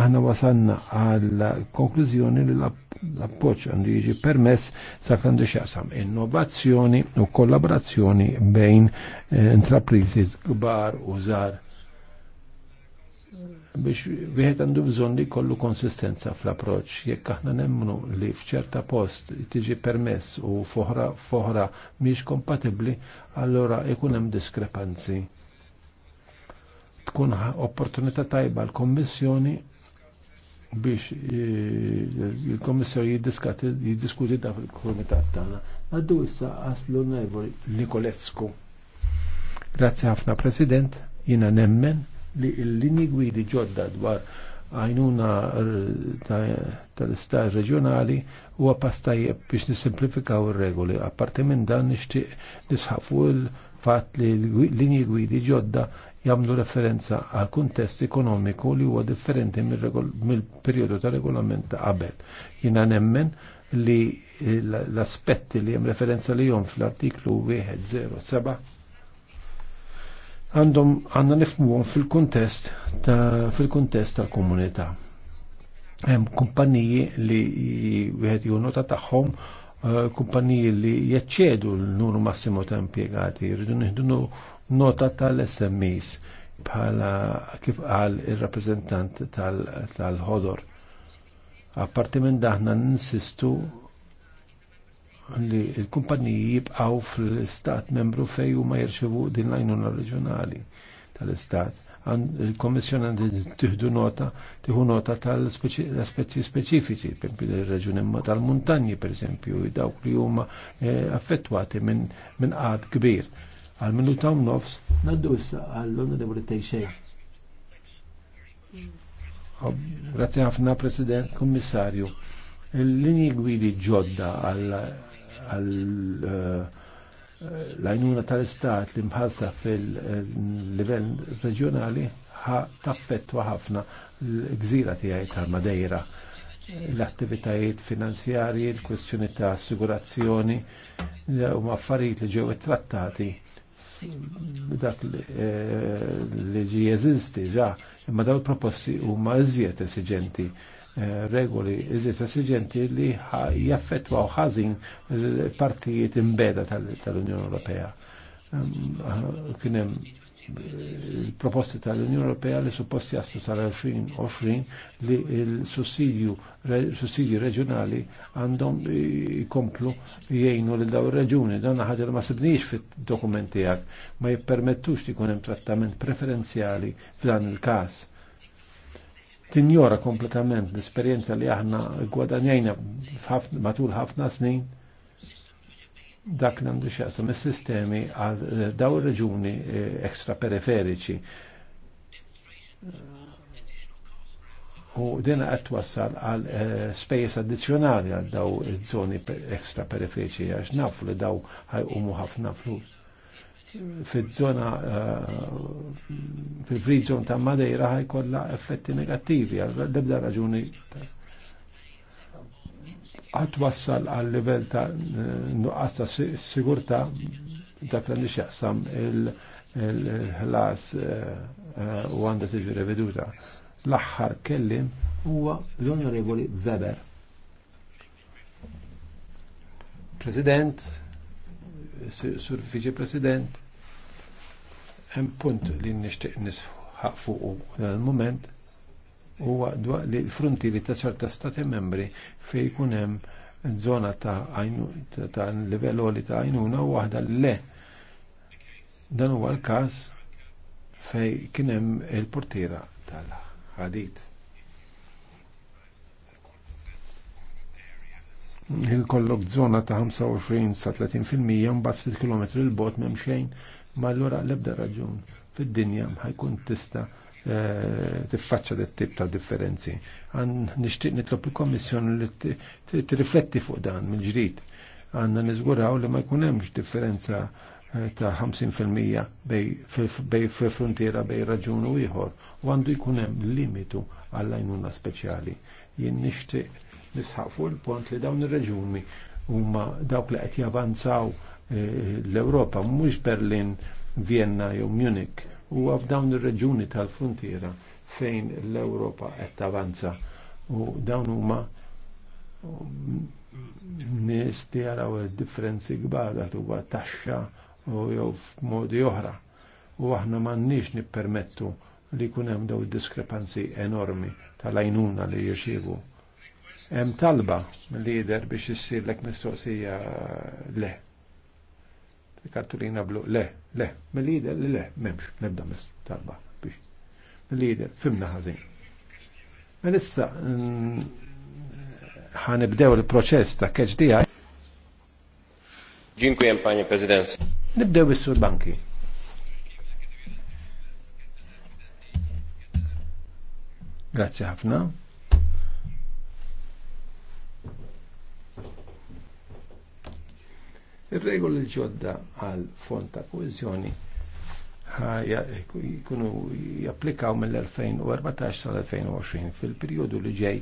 S2: aħna wasanna għal konklużjoni li l-appoġġ għandu jiġi permess sa għandu xaqsam innovazzjoni u kollaborazzjoni bejn eh, intrapriżi kbar u żgħar biex wieħed għandu bżonn li kollu konsistenza fl-approċċ. Jekk aħna nemmnu li f'ċerta post tiġi permess u foħra foħra mhix kompatibbli, allora ikun hemm diskrepanzi. Tkun opportunità tajba l-Kommissjoni biex e, il-Kommissjoni jiddiskuti da fil-Kumitat tagħna. Għaddu issa għaslu Nevoli Nikolescu. Grazie ħafna President, jina nemmen li l-linji gwidi ġodda dwar għajnuna tal istaj reġjonali u għapastaj biex nisimplifikaw il-regoli. Apparti minn dan nishtiq nisħafu l-fat li l-linji gwidi ġodda jamlu referenza għal kuntest ekonomiku li huwa differenti mill-periodu ta' regolament ta' qabel. Jina nemmen li l-aspetti li jem referenza li jom fl-artiklu 107 għandhom għandna nifmuhom fil-kuntest ta' fil-kuntest ta' komunità. Hemm kumpaniji li wieħed jew nota tagħhom eh, kumpaniji li jeċċedu l-numru massimo ta' impjegati, jridu nieħdu nota tal-SMEs bħala kif qal ir-rappreżentant tal-ħodor. Apparti minn daħna ninsistu li l-kumpaniji jibqaw fl-istat membru fej u ma jirċevu din l-għajnuna reġjonali tal-istat. il komissjon għandi tiħdu nota, tiħu nota tal-aspetti speċifiċi, per il reġjoni tal-muntanji, per esempio, dawk li huma eh, affettwati minn għad kbir. Għal-minu ta' nofs, naddu issa għall-onorevoli Tejxej. Oh, grazie ħafna, President, Kommissarju. Il-linji gwidi ġodda għal għal-għajnuna tal-istat li mħalsa fil-livell reġjonali taffettwa ħafna l-gżira tiegħi tal-Madeira l-attivitajiet finanzjarji, l-kwestjoni ta' assigurazzjoni, u affarijiet li ġew trattati dak li eh, ġi jeżisti ġa, imma daw proposti huma iżjed esiġenti Eh, regoli iżiet esiġenti li jaffettwaw ħażin partijiet imbeda tal-Unjoni Ewropea. Ehm, eh, kien hemm eh, proposti tal-Unjoni Ewropea li suppost jaslu sal 2020 li l-sussidju sussidji reġjonali għandhom jkomplu jgħinu lil daw ir-reġuni. Dan ħaġa li ma sibniex fid dokumenti ma jippermettux li jkun hemm trattament preferenzjali f'dan il-każ tinjora kompletament l-esperienza li aħna gwadanjajna matul ħafna snin dak nandu xaqsa xaqsam sistemi għal daw reġuni ekstra periferiċi. U dina għat wassal għal spejjeż addizjonali għal daw zoni ekstra periferiċi għax nafu li daw ħajqumu ħafna flus fil-zona eh, fil-free ta' Madeira ħaj ħajkolla effetti negativi għal-debda raġuni għatwassal għal livell ta' nuqqas ta' sigurta dak li xjaqsam il-ħlas eh, u għanda tiġi reveduta. L-axħar kellim huwa l-Onorevoli Weber. President, Sur Vice President, Hemm punt li nixtieq nisħaq fuq l-moment huwa dwar li l frontiri ta' ċerta stati membri fej jkun hemm żona ta' ta' livell oli ta' għajnuna u waħda le. Dan huwa l-każ fej kien hemm il-portiera tal-ħadit. kollok zona ta' 25 sa 30% bat 6 km l bot m'hemm xejn, ma allura l-ebda raġun fid-dinja ħajkun tista' eh, tiffaċċa dit tip ta' differenzi. Għan nixtieq nitlob il-Kommissjoni li t-rifletti fuq dan mill ġrid Għandna niżguraw li ma jkun hemmx differenza eh, ta' 50% bej frontiera bej raġun u ieħor u għandu jkun hemm limitu għall speċjali. Jien nixtieq nisħaq fuq il-pont li dawn ir-reġuni huma dawk li qed javanzaw eh, l-Ewropa mhux Berlin, Vienna jew Munich huwa f'dawn ir-reġuni tal-frontiera fejn l-Ewropa qed tavanza u dawn huma mm, nies li jaraw differenzi kbar għal huwa taxxa u jew f'modi oħra. U aħna m'għandniex nippermettu li jkun hemm daw diskrepanzi enormi tal-għajnuna li jirċievu Hemm talba mill-lider biex issir lek mistoqsija le. Kartulina blu le, le, mill-lider le, memx, nebda mis talba biex. Mill-lider, fimna ħażin. Issa mm, ħanibdew il-proċess ta' KHDI. Dziękuję, panie Prezidenz. Nibdew bis-sur banki. Grazie ħafna. Ir-regoli ġodda għal fond ta' koezjoni jkunu japplikaw mill-2014 sal-2020 fil-periodu li ġej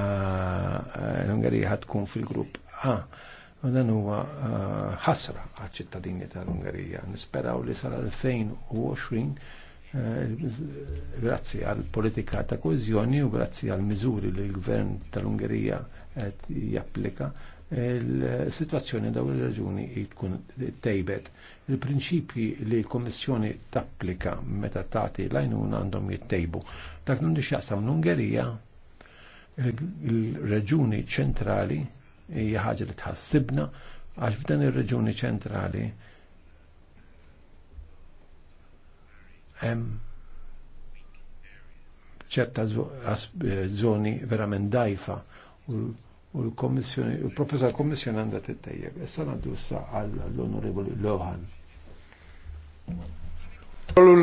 S2: l-Ungerija tkun fil-grupp A. U dan huwa ħasra għaċ-ċittadini tal-Ungerija. Nisperaw li sal-2020 eh, grazzi għal politika ta' koezjoni u grazzi għal miżuri li l-gvern tal-Ungerija qed japplika il-situazzjoni daw il-raġuni tkun tejbet. Il-prinċipji li l-Kommissjoni tapplika meta tagħti lajnuna għandhom jittejbu. Dak nun xaqsam l-Ungerija il-raġuni ċentrali hija ħaġa li tħassibna għax f'dan ir-reġuni ċentrali hemm ċerta eh, zoni verament dajfa u u l-kommissjoni, u l-professor kommissjoni għandha tittejjeb. Issa għandu issa għall-onorevoli Lohan. Ehm,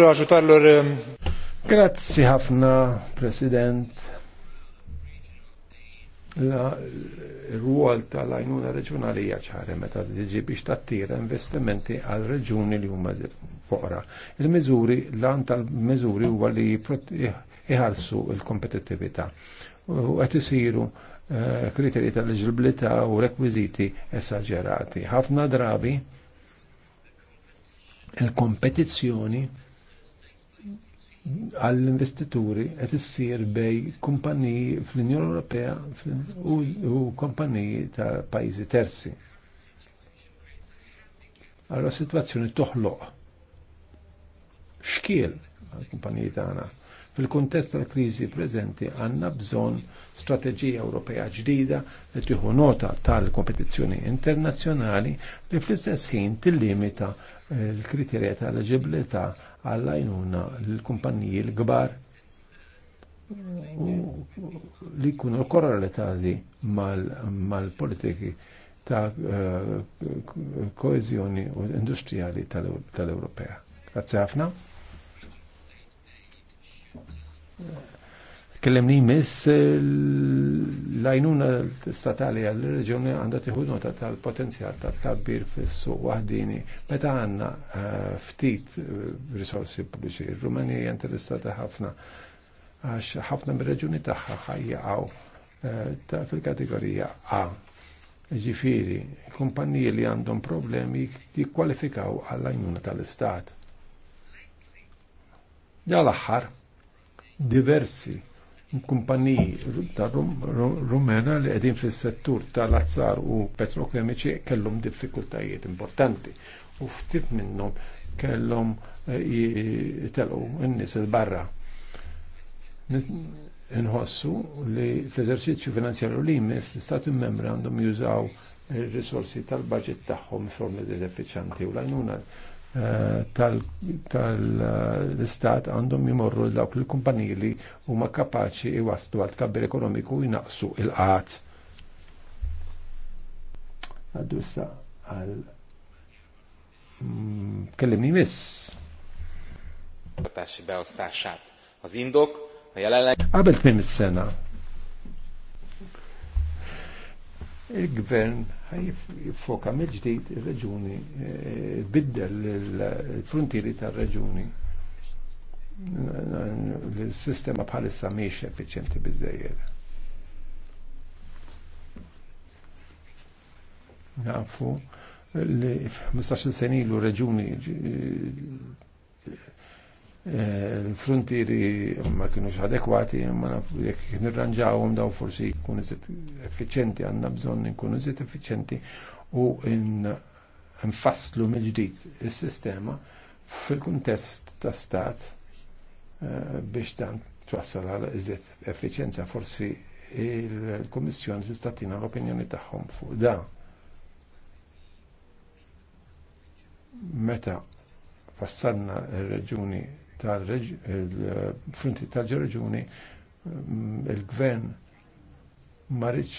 S2: Grazzi ħafna, President. Il-ruol tal-għajnuna reġjonali hija ċara meta tiġi biex tattira investimenti għal reġuni li huma foqra. Il-miżuri, l-għan tal-miżuri huwa li jħarsu l kompetittività u qed isiru Eh, kriterji tal-eligibilità u rekwiziti esagerati. Ħafna drabi il-kompetizzjoni għall-investituri qed issir bej kumpaniji fl-Unjoni Ewropea u kumpaniji ta' pajjiżi terzi. Allora situazzjoni toħloq xkiel għall-kumpaniji tagħna fil kontest tal-kriżi preżenti għandna bżonn strateġija Ewropea ġdida li tieħu nota tal-kompetizzjoni internazzjonali li fl-istess ħin tillimita eh, l-kriterja ta' eġibilità għall-għajnuna l-kumpanniji l-kbar li jkunu korrelatati mal-politiki ta' eh, koezjoni industrijali tal-Ewropea. Grazie ħafna. Kellemni miss eh, l-għajnuna statali għall-reġjoni għandha tieħu nota tal-potenzjal ta' tkabbir fis-suq waħdini. Meta għandna eh, ftit eh, risorsi pubbliċi, r rumanija interessata ħafna għax ħafna mir-reġjuni tagħha ħajjaqgħu fil-kategorija A. Ġifiri, kumpanniji li għandhom problemi jikkwalifikaw għall-għajnuna tal-istat. Dal-aħħar, diversi kumpaniji rumena li qegħdin fis-settur tal-azzar u petrokemiċi kellhom diffikultajiet importanti u ftit minnhom kellhom jitelqu eh, n-nies il-barra. Inħossu li fl-eżerċizzju finanzjarju li jmiss l-Stati membri għandhom jużaw il-risorsi tal-budget tagħhom formi effiċjanti u l-għajnuna Eh, tal-istat eh, għandhom jimorru l-dawk il kumpaniji li huma kapaċi iwaslu għal tkabbir ekonomiku jnaqsu il-qat. Għaddu issa għal mm, kellimni miss. Taxxi beosztását. Az indok a jelenleg... Qabel tmim is-sena. Il-gvern jiffoka mill-ġdid il-reġuni, eh, biddel il frontiri tal-reġuni. l sistema bħalissa miex effiċenti bizzejjer. Nafu li 15 senilu reġuni eh, l-frontieri ma kienux adekwati, ma nafu jek nirranġawhom daw forsi jkun iżid effiċenti, għandna bżonn inkunu iżid effiċenti u nfasslu mill-ġdid is-sistema fil-kuntest ta' stat eh, biex dan twassal għal iżid effiċenza forsi il-Kommissjoni tista' tina l-opinjoni tagħhom fuq da. Meta fassanna r-reġuni tal-fronti tal-ġerġuni mm, il-gvern marriċ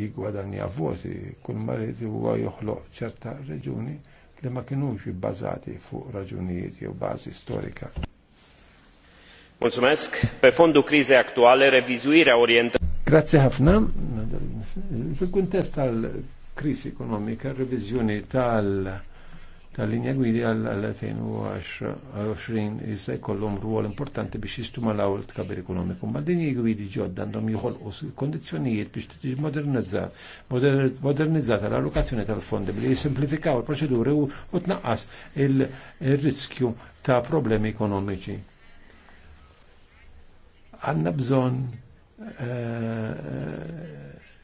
S2: jigwadanja voti, kull marriċ huwa joħloq ċerta reġuni li ma kienux jibbazati fuq raġunijiet jew bazi storika. Mulțumesc. Pe fondul crizei
S3: actuale, revizuirea orientării.
S2: Grazie ħafna. Fil-kuntest tal-krisi ekonomika, revizjoni tal-, -tal tal-linja gwidi għal-2020 jista' jkollhom ruol importanti biex jistumalaw il-tkabir ekonomiku. Ma din gwidi ġodda għandhom joħolqu kondizzjonijiet biex tiġi modernizzata l-allokazzjoni tal-fondi li jisimplifikaw il-proċeduri u tnaqqas il-riskju ta' problemi ekonomiċi. Għanna bżon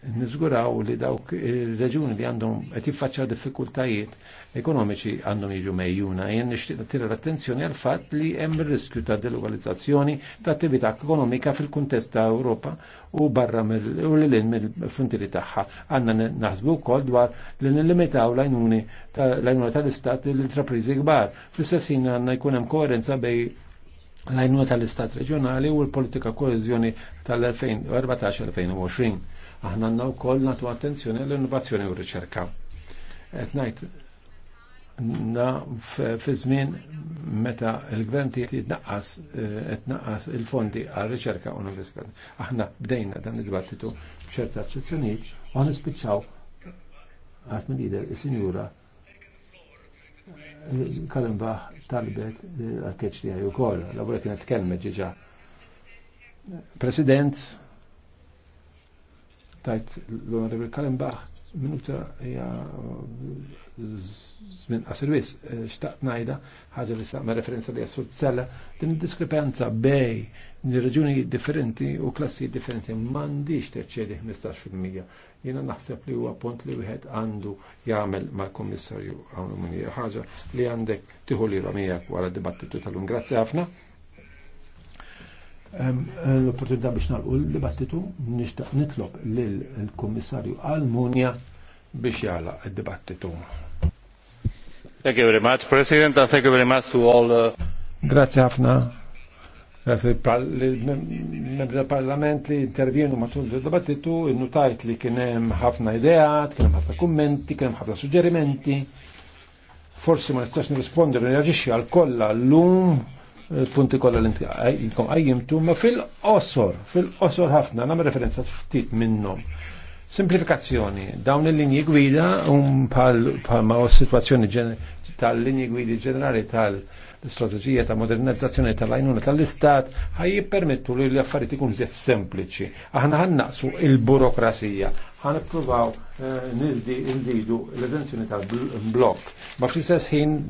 S2: nizguraw li dawk il-reġuni li għandhom qed jiffaċċaw diffikultajiet ekonomiċi għandhom jiġu mejjuna. Jien nixtieq tira l-attenzjoni għal fatt li hemm ir-riskju ta' delokalizzazzjoni ta' attività ekonomika fil-kuntest ta' Ewropa u barra u l mill funtiri tagħha. Għandna naħsbu wkoll dwar li nillimitaw l-għajnuni tal-istat l-intrapriżi kbar. Fl-istess għandna jkun hemm koerenza bej l-għajnuna tal-istat reġjonali u l-politika koeżjoni tal-2014-2020 Aħna għanna u koll natu attenzjoni l-innovazzjoni u r-riċerka. Etnajt, na fi żmien meta l-gvern jitnaqqas eh, qed il-fondi għal riċerka u l-investigazzjoni. Aħna bdejna dan il dibattitu b'ċerta eċċezzjonijiet u nispiċċaw għax minn lider is-sinjura eh, Kalimba talbet għal-keċ li għaj u kol, l-għabura kienet kelmet ġiġa. President, tajt l onorevel Kalenbach minuta hija zmin qasir wis eh, xtaqt najda ħaġa li saqma referenza li jassur t-sella din diskrepanza bej reġuni differenti u klassi differenti m'għandix teċċedi 15%. Jiena naħseb li huwa punt li wieħed għandu jagħmel mal għamlu hawn ħaġa li għandek tiħu li miegħek għala dibattitu tal-lum. Grazzi għafna Eh, l-opportunità biex nalqu l-dibattitu nishtaq nitlob lill-Kummissarju Almunja biex jala d-dibattitu. Thank you very much, President, and thank you very much to all. Uh... Grazie ħafna. Grazie parlament li intervjenu matul il-dibattitu, innutajt li kienem ħafna ideat, kienem ħafna kummenti, kienem ħafna suġġerimenti. Forsi ma nistax nirrispondi, reagixxi għal kollha l-lum punti kolla l intkom għajjimtu, ma fil osor fil-qosor ħafna, nam referenza ftit minnhom. Simplifikazzjoni, dawn il-linji gwida un um, pal ma situazzjoni tal-linji gwidi ġenerali tal strategija ta' modernizzazzjoni tal-għajnuna tal-istat ħaj jippermettu li l-affarijiet ikun zef sempliċi. Aħna ħan naqsu il-burokrasija, ħan ippruvaw eh, nizdi l-edenzjoni tal-blok, ma fl-istess ħin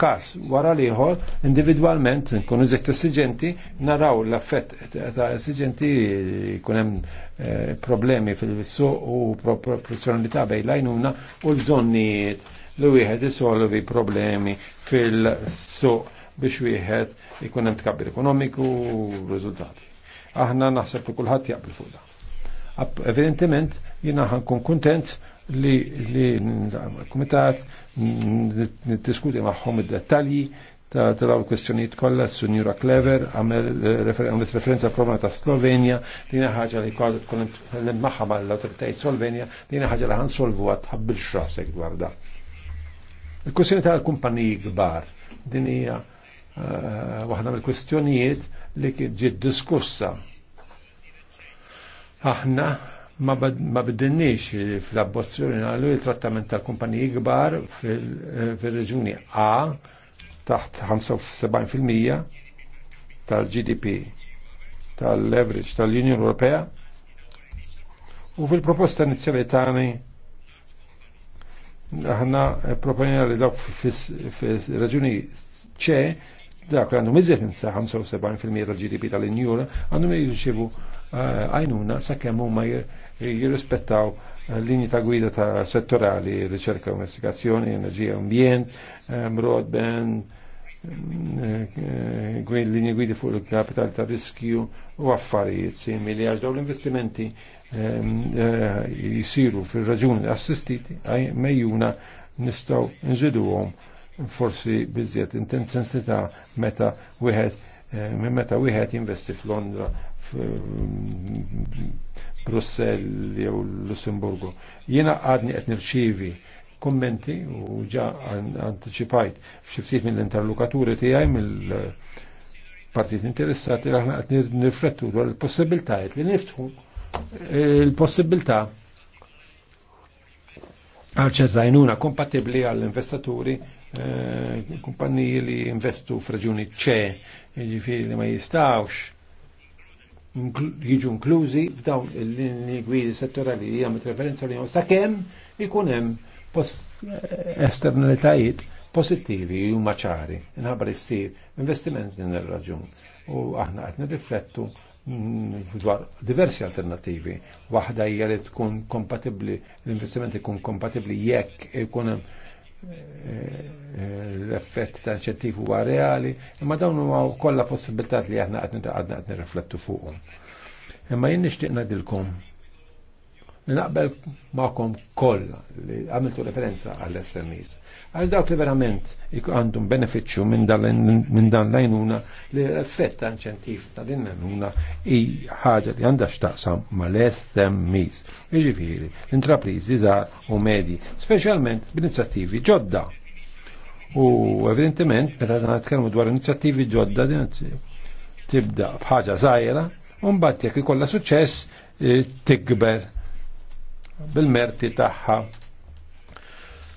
S2: kas wara liħor individualment nkunu zitt esiġenti naraw l-affett ta' esiġenti kunem eh, problemi fil-suq u proporzjonalità bej lajnuna u l-żonnijiet li wieħed isolvi problemi fil so biex wieħed ikun hemm tkabbir ekonomiku u riżultati. Aħna naħseb li kulħadd jaqbel fuq da. Evidentement jiena ħankun kuntent li li kumitat niddiskuti magħhom id-dettalji ta' dawn kwestjonijiet kolla, s-Sunjura Klever, għamel għamlet referenza problema ta' Slovenja li naħħaġa li kol tkellem magħha l-autoritajt Slovenja li naħħaġa li għan solvu għat tħabbil x'rasek dwarda. Il-kwestjoni ta' l kumpaniji gbar, din hija waħda mill-kwestjonijiet li ġiet diskussa. Aħna ma bidinniex fl-abbozz ġurnali il-trattament tal-kumpaniji kbar fil-reġuni A taħt 75% tal-GDP tal-leverage tal union Europea. u fil-proposta inizjali tani aħna proponina li dawk fil-reġuni C dak għandu għandhom iżjed minn 75% tal-GDP tal-Unjoni għandu jirċivu eh, għajnuna sa' kemm huma E jirrispettaw l eh, linji ta' gwida ta' settorali, riċerka, investigazzjoni, enerġija, ambjent, eh, broadband, eh, linji gwidi fuq il-kapital ta' riskju u affarijiet simili għax daw l-investimenti ehm, jisiru fil-raġuni assistiti għaj mejjuna nistaw nżiduhom forsi bizziet intensità meta wieħed meta wieħed jinvesti f'Londra Brussell jew Lussemburgu. Jiena għadni qed nirċivi kommenti u ġa anticipajt ftit mill-interlokaturi tiegħi mill partit interessati aħna qed nirflettu dwar il-possibiltajiet li niftħu il-possibilità għal ċertajnuna kompatibli għall-investaturi eh, kumpanniji li investu f'raġuni ċe, ġifiri li ma jistawx jiġu inklużi f'dawn il-linji gwidi settorali li għamet referenza li għamet sakemm ikun hemm esternalitajiet pozittivi u maċari nħabar jissir investiment din ir-raġun. U aħna qed nirriflettu dwar diversi alternativi. Waħda hija li tkun kompatibbli, l-investiment ikun kompatibbli jekk ikun hemm l-effett ta' inċentiv huwa reali, imma dawn huma kollha possibilitat li aħna qed nirriflettu fuqhom. Imma jien nixtieq ngħidilkom Naqbel ma'kom kollha li għamiltu referenza għall-SMEs. Għal dawk li verament għandhom beneficju minn dan l l-għajnuna li l-effett ta' ta' din lajnuna i ħaġa li għandha x'taqsam mal-SMEs. Jiġifieri l-intrapriżi żgħar u medi, speċjalment b'inizjattivi ġodda. U evidentement, meta għatkelmu dwar inizjattivi ġodda tibda bħaġa zaħira, u mbagħad jekk ikollha suċċess eh, tikber bil-merti tagħha.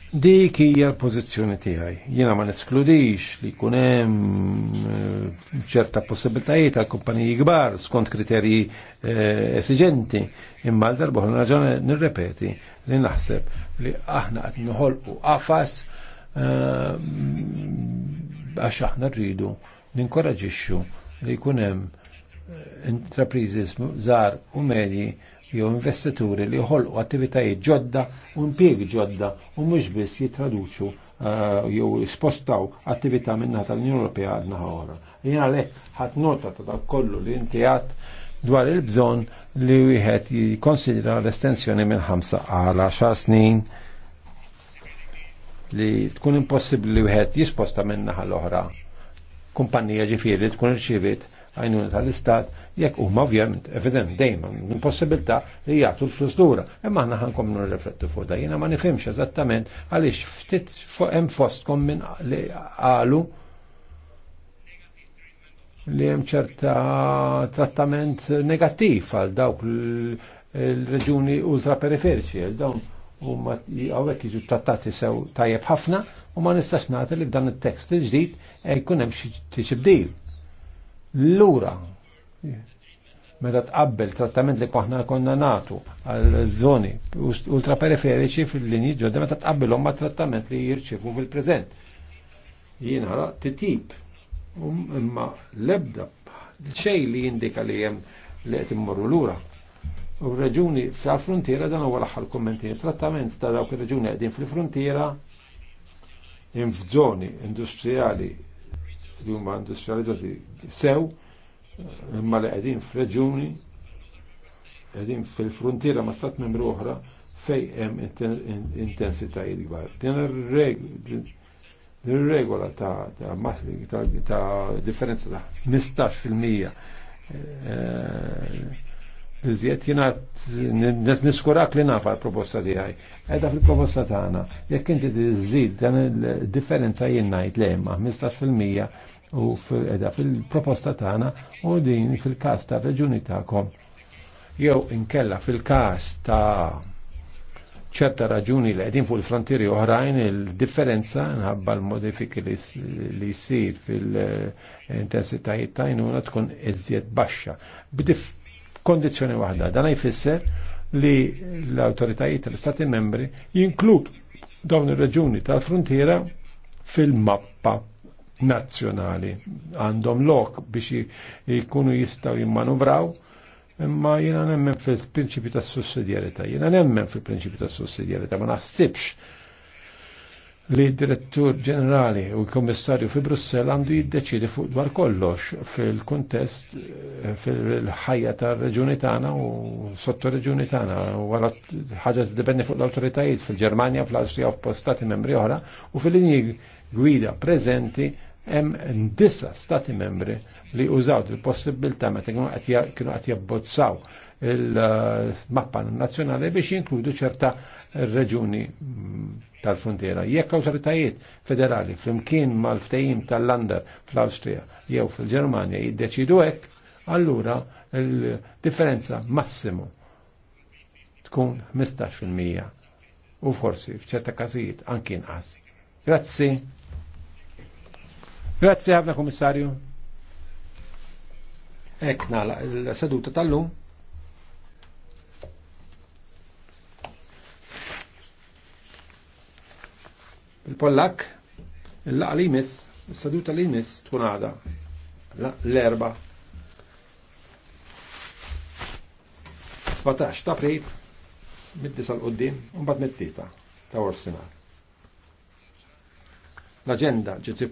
S2: Dik hija l-pożizzjoni tiegħi. Jiena ma neskludix li jkun hemm eh, ċerta possibilitajiet għal kumpaniji kbar skont kriterji eh, esiġenti, imma l darba raġuni nirrepeti li naħseb li aħna qed noħolqu qafas eh, għax aħna rridu ninkoraġixxu li jkun hemm intrapriżis żgħar u medji jew investituri li jħolqu attivitajiet ġodda u impjegi ġodda u mhux biss jitraduċu eh, jew spostaw attività minna tal-Unjoni Ewropea naħa oħra. Jien għalhekk ħadd nota ta' dak kollu li inti dwar il-bżonn li wieħed jikkonsidra l-estensjoni minn ħamsa għal 10 snin li tkun impossibbli li wieħed jisposta minn naħa l-oħra. Kumpanija ġifieri tkun irċivit għajnuna tal-istat jekk huma ovvjament evident dejjem impossibilità li jagħtu l-flus lura. Imma aħna ħankom nirriflettu fuq da. Jiena ma nifhimx eżattament għaliex ftit hemm fostkom minn li qalu li hemm ċerta trattament negattiv għal dawk il-reġuni periferiċi għal dawn u ma għawek iġu trattati sew tajjeb ħafna u ma nistax nagħti li f'dan it-tekst il-ġdid jkun hemm xi tibdil. Lura Meta tqabbel trattament li kwaħna konna natu għal zoni ultraperiferiċi fil-linji ġodda meta tqabbilhom ma' trattament li jirċevu fil-preżent. t-tip. Um, imma lebda xej li jindika li jem li għet immorru l-ura. U raġuni fil-frontiera dan huwa l-aħħar Trattament ta' dawk ir-raġuni qegħdin fil-frontiera in f'żoni industrijali li huma industrializzati sew imma li għedin fil-reġuni, għedin fil-frontiera ma' stat membru oħra fej hemm intensitajiet kbar. Din ir-regola ta' ta' differenza ta' 15 fil-mija eh, eh, Iżjed jiena niskurak li nafa l-proposta tiegħi. Edha fil-proposta tagħna, jekk inti tiżid dan il-differenza jien ngħid le hemm 15% fil-mija u edha fil-proposta tagħna u din fil-każ ta' reġuni tagħkom. Jew inkella fil-każ ta' ċerta raġuni li qegħdin fuq il-frontieri oħrajn il-differenza nħabba l-modifiki li jsir fil-intensitajiet ta' jnuna tkun iżjed baxxa. Bidif kondizzjoni waħda. Dan jfisser li l-autoritajiet tal-Stati membri jinklud dawn ir-reġuni tal-frontiera fil-mappa nazzjonali għandhom lok biex jkunu jistaw jimmanubraw imma jina nemmen fil-prinċipju ta' sussidjarita, jina nemmen fil-prinċipju ta' sussidjarita, ma naħsibx li direttur ġenerali u l-Kommissarju fi Brussel għandu jiddeċidi fuq dwar kollox fil-kontest eh, fil-ħajja ta' reġuni tagħna u sottoreġuni tagħna u wara ħaġa tiddependi fuq l-awtoritajiet fil-Ġermanja, fl-Awstrija u f'postati membri oħra u fil-linji gwida preżenti Hemm disa stati membri li użaw il-possibilità meta kienu qed jabbozzaw il-mappa nazzjonali biex jinkludu ċerta reġuni mm, tal-frontiera. Jekk awtoritajiet federali flimkien mal-ftehim tal-Lander fl-Awstrija jew fil-Ġermanja jiddeċidu hekk, allura il-differenza massimu tkun 15% u forsi f'ċerta każijiet anki inqas. Grazzi. Grazie, għavna komissarju. Ekna, nala il-seduta tal-lum. Il-Pollak, il-laqa li jmiss, il-seduta li jmiss tunada, l-erba. 17 ta' april, mid-disa l-qoddim, un bad mid-tita ta' orsinar. L-agenda ġiet